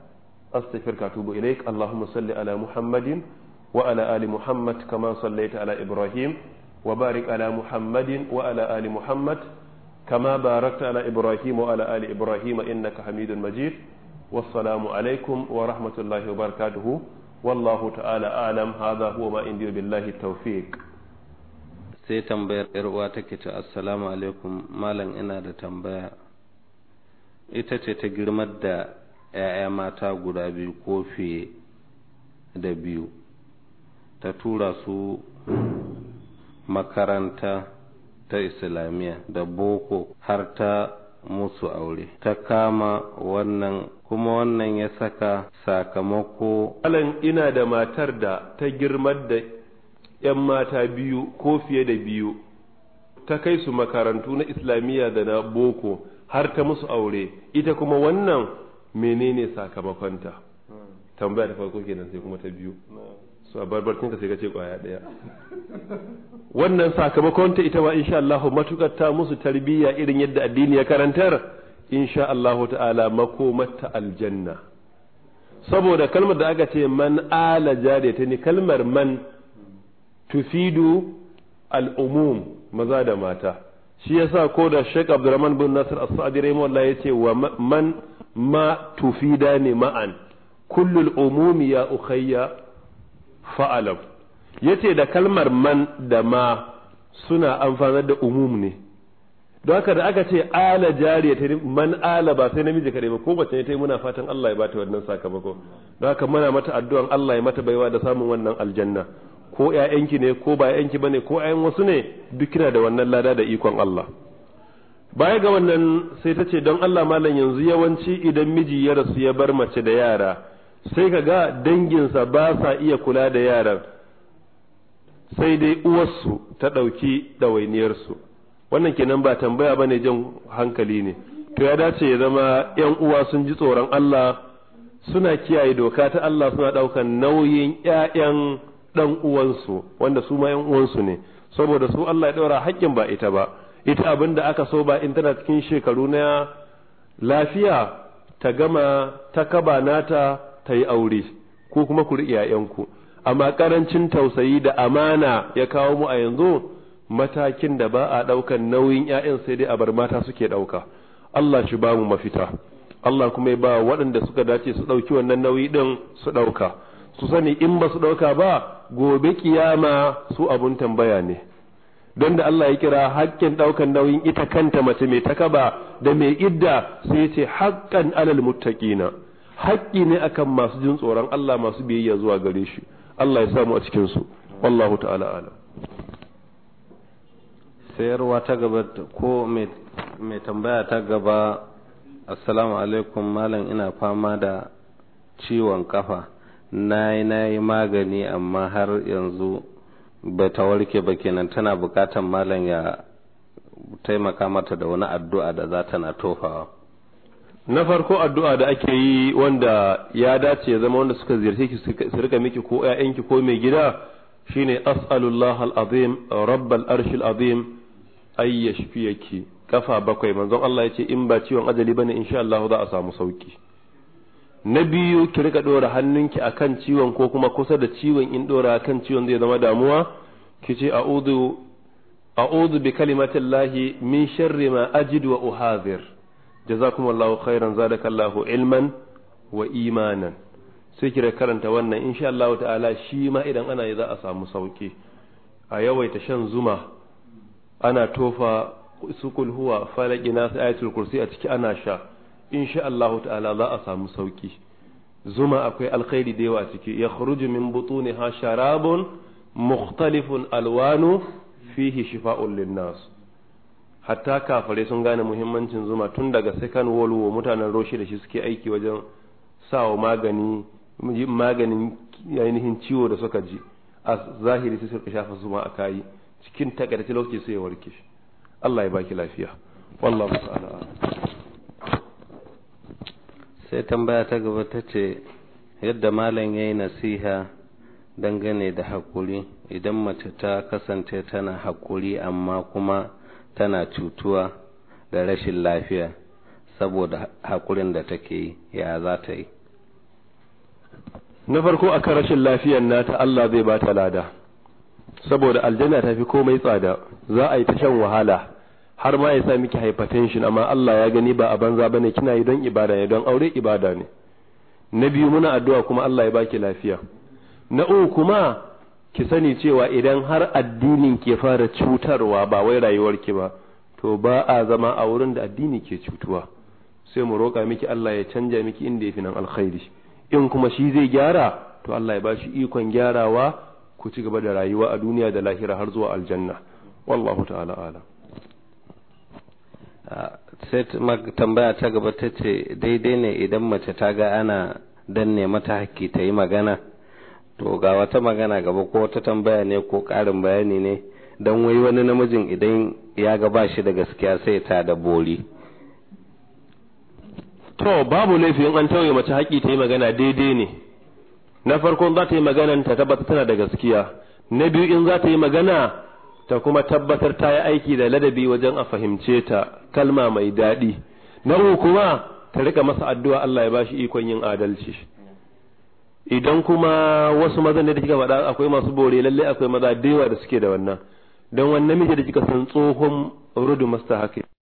astaghfiruka wa ilaik allahumma salli ala muhammadin wa ala ali muhammad kama sallaita ala ibrahim wa barik ala muhammadin wa ala ali muhammad كما باركت على إبراهيم وعلى آل إبراهيم إنك حميد مجيد والسلام عليكم ورحمة الله وبركاته wallahu ta'ala alam hadha huwa ma indi billahi tawfiq sai tambayar yar uwa take ta assalamu alaikum malam ina da tambaya ita ce ta girmar da 'ya'ya mata guda biyu ko fiye da biyu ta tura su makaranta ta islamiyya da boko har ta musu aure ta kama wannan kuma wannan ya saka sakamako alan ina da matar da ta girmar da 'yan mata biyu ko fiye da biyu ta kai su makarantu na islamiyya da na boko har ta musu aure ita kuma wannan menene sakamakonta tambaya da farko kenan sai kuma ta biyu su a barbarcin ka sai ka ce kwaya daya wannan sakamakonta ita ma insha Allah matukar ta musu tarbiyya irin yadda addini ya karantar insha Allahu ta'ala makomata aljanna saboda kalmar da aka ce man ala jariyata ne kalmar man tufidu al'umum maza da mata shi yasa ko da Sheikh Abdurrahman bin Nasir As-Sa'di rahimahullah yace wa man ma tufida ne ma'an kullul umumi ya ukhayya fa'alam yace da kalmar man da ma suna amfanar da umum ne don haka da aka ce ala jariya ta man ala ba sai namiji kaɗai ba ko bace ne ta yi muna fatan Allah ya bata wannan sakamako don haka muna mata addu'an Allah ya mata baiwa da samun wannan aljanna ko ƴaƴanki ne ko ba ƴaƴanki bane ko ƴaƴan wasu ne duk kina da wannan lada da ikon Allah baya ga wannan sai ta ce don Allah malam yanzu yawanci idan miji ya rasu ya bar mace da yara sai ka ga danginsa ba sa iya kula da yaran sai dai uwarsu ta ɗauki ɗawainiyarsu wannan kenan ba tambaya bane jan hankali ne to ya dace ya zama yan uwa sun ji tsoron Allah suna kiyaye doka ta Allah suna daukan nauyin ƴaƴan dan uwansu wanda su ma yan uwansu ne saboda su Allah ya daura haƙƙin ba ita ba ita abinda aka so ba in tana cikin shekaru na lafiya ta gama ta kaba nata ta yi aure ko kuma ku riƙe 'ya'yanku amma ƙarancin tausayi da amana ya kawo mu a yanzu matakin da ba a ɗaukan nauyin 'ya'yan sai dai a bar mata suke ɗauka Allah shi ba mu mafita Allah kuma ya ba waɗanda suka dace su ɗauki wannan nauyi ɗin su ɗauka su sani in ba su ɗauka ba gobe kiyama su abun tambaya ne don da Allah ya kira hakkin ɗaukan nauyin ita kanta mace mai takaba da mai idda sai ce haƙƙan alal muttaqina haƙƙi ne akan masu jin tsoron Allah masu biyayya zuwa gare shi Allah ya samu a cikin su wallahu ta'ala alam sayarwa ta gaba ko mai tambaya ta gaba assalamu alaikum malam ina fama da ciwon kafa na yi magani amma har yanzu bai ta warke ba kenan tana bukatan malam ya taimaka mata da wani addu'a da za ta na tofawa na farko addu'a da ake yi wanda ya dace ya zama wanda suka ziyarci ki su rika miki ko 'ya'yanki ko mai gida shine as'alullah al-azim rabbal arshil azim ay yashfiyaki kafa bakwai manzon Allah ya ce in ba ciwon ajali bane insha Allah za a samu sauki na biyu ki rika dora hannunki akan ciwon ko kuma kusa da ciwon in dora akan ciwon zai zama damuwa ki ce a'udhu a'udhu bi kalimatillahi min sharri ma ajidu wa uhadhir jazakumullahu khairan zadakallahu ilman wa imanan sai ki karanta wannan insha Allah ta'ala shi ma idan ana yi za a samu sauki a yawaita shan zuma ana tofa su huwa falaki na ayatul kursi a ciki ana sha insha Allah ta'ala za a samu sauki zuma akwai alkhairi da yawa a ciki ya kharuju min butuni ha sharabun mukhtalifun alwanu fihi shifa'un linnas hatta kafare sun gane muhimmancin zuma tun daga second world war mutanen roshi da shi suke aiki wajen sawa magani maganin ainihin ciwo da suka ji a zahiri su suka shafa zuma a kayi cikin takarci lokaci sai ya warke shi Allah ya baki lafiya wallahi ta'ala sai tambaya ta gaba ta ce yadda malam ya yi nasiha dangane da haƙuri idan mace ta kasance tana haƙuri amma kuma tana cutuwa da rashin lafiya saboda haƙurin da take yi ya za ta yi na farko akan rashin lafiyar nata Allah zai ba ta lada saboda aljanna ta fi komai tsada za a yi ta shan wahala har ma ya sa miki hypertension amma Allah ya gani ba a banza bane kina yi don ibada ne don aure ibada ne na biyu muna addu'a kuma Allah ya baki lafiya na uku kuma ki sani cewa idan har addinin ke fara cutarwa ba wai rayuwarki ba to ba a zama a wurin da addini ke cutuwa sai mu roƙa miki Allah ya canja miki inda ya fi nan alkhairi in kuma shi zai gyara to Allah ya bashi ikon gyarawa ku ci gaba da rayuwa a duniya da lahira har zuwa aljanna wallahu ta'ala alam ah, sai tambaya ta gaba ta ce daidai ne idan mace ta ga ana danne mata haƙƙi ta yi magana to ga wata magana gaba ko wata tambaya ne ko ƙarin bayani ne don wai wani namijin idan ya ga ba shi da gaskiya sai ta da bori to babu laifin an tauye mace haƙƙi ta yi magana daidai ne na farko za ta yi magana ta tabbatar tana da gaskiya na biyu in za ta yi magana ta kuma tabbatar ta yi aiki da ladabi wajen a fahimce ta kalma mai daɗi na uku kuma ta rika masa addu'a Allah ya ba shi ikon yin adalci idan kuma wasu ne da kika faɗa akwai masu bore lalle akwai maza da yawa da suke da wannan don wannan miji da kika san tsohon rudu masta haka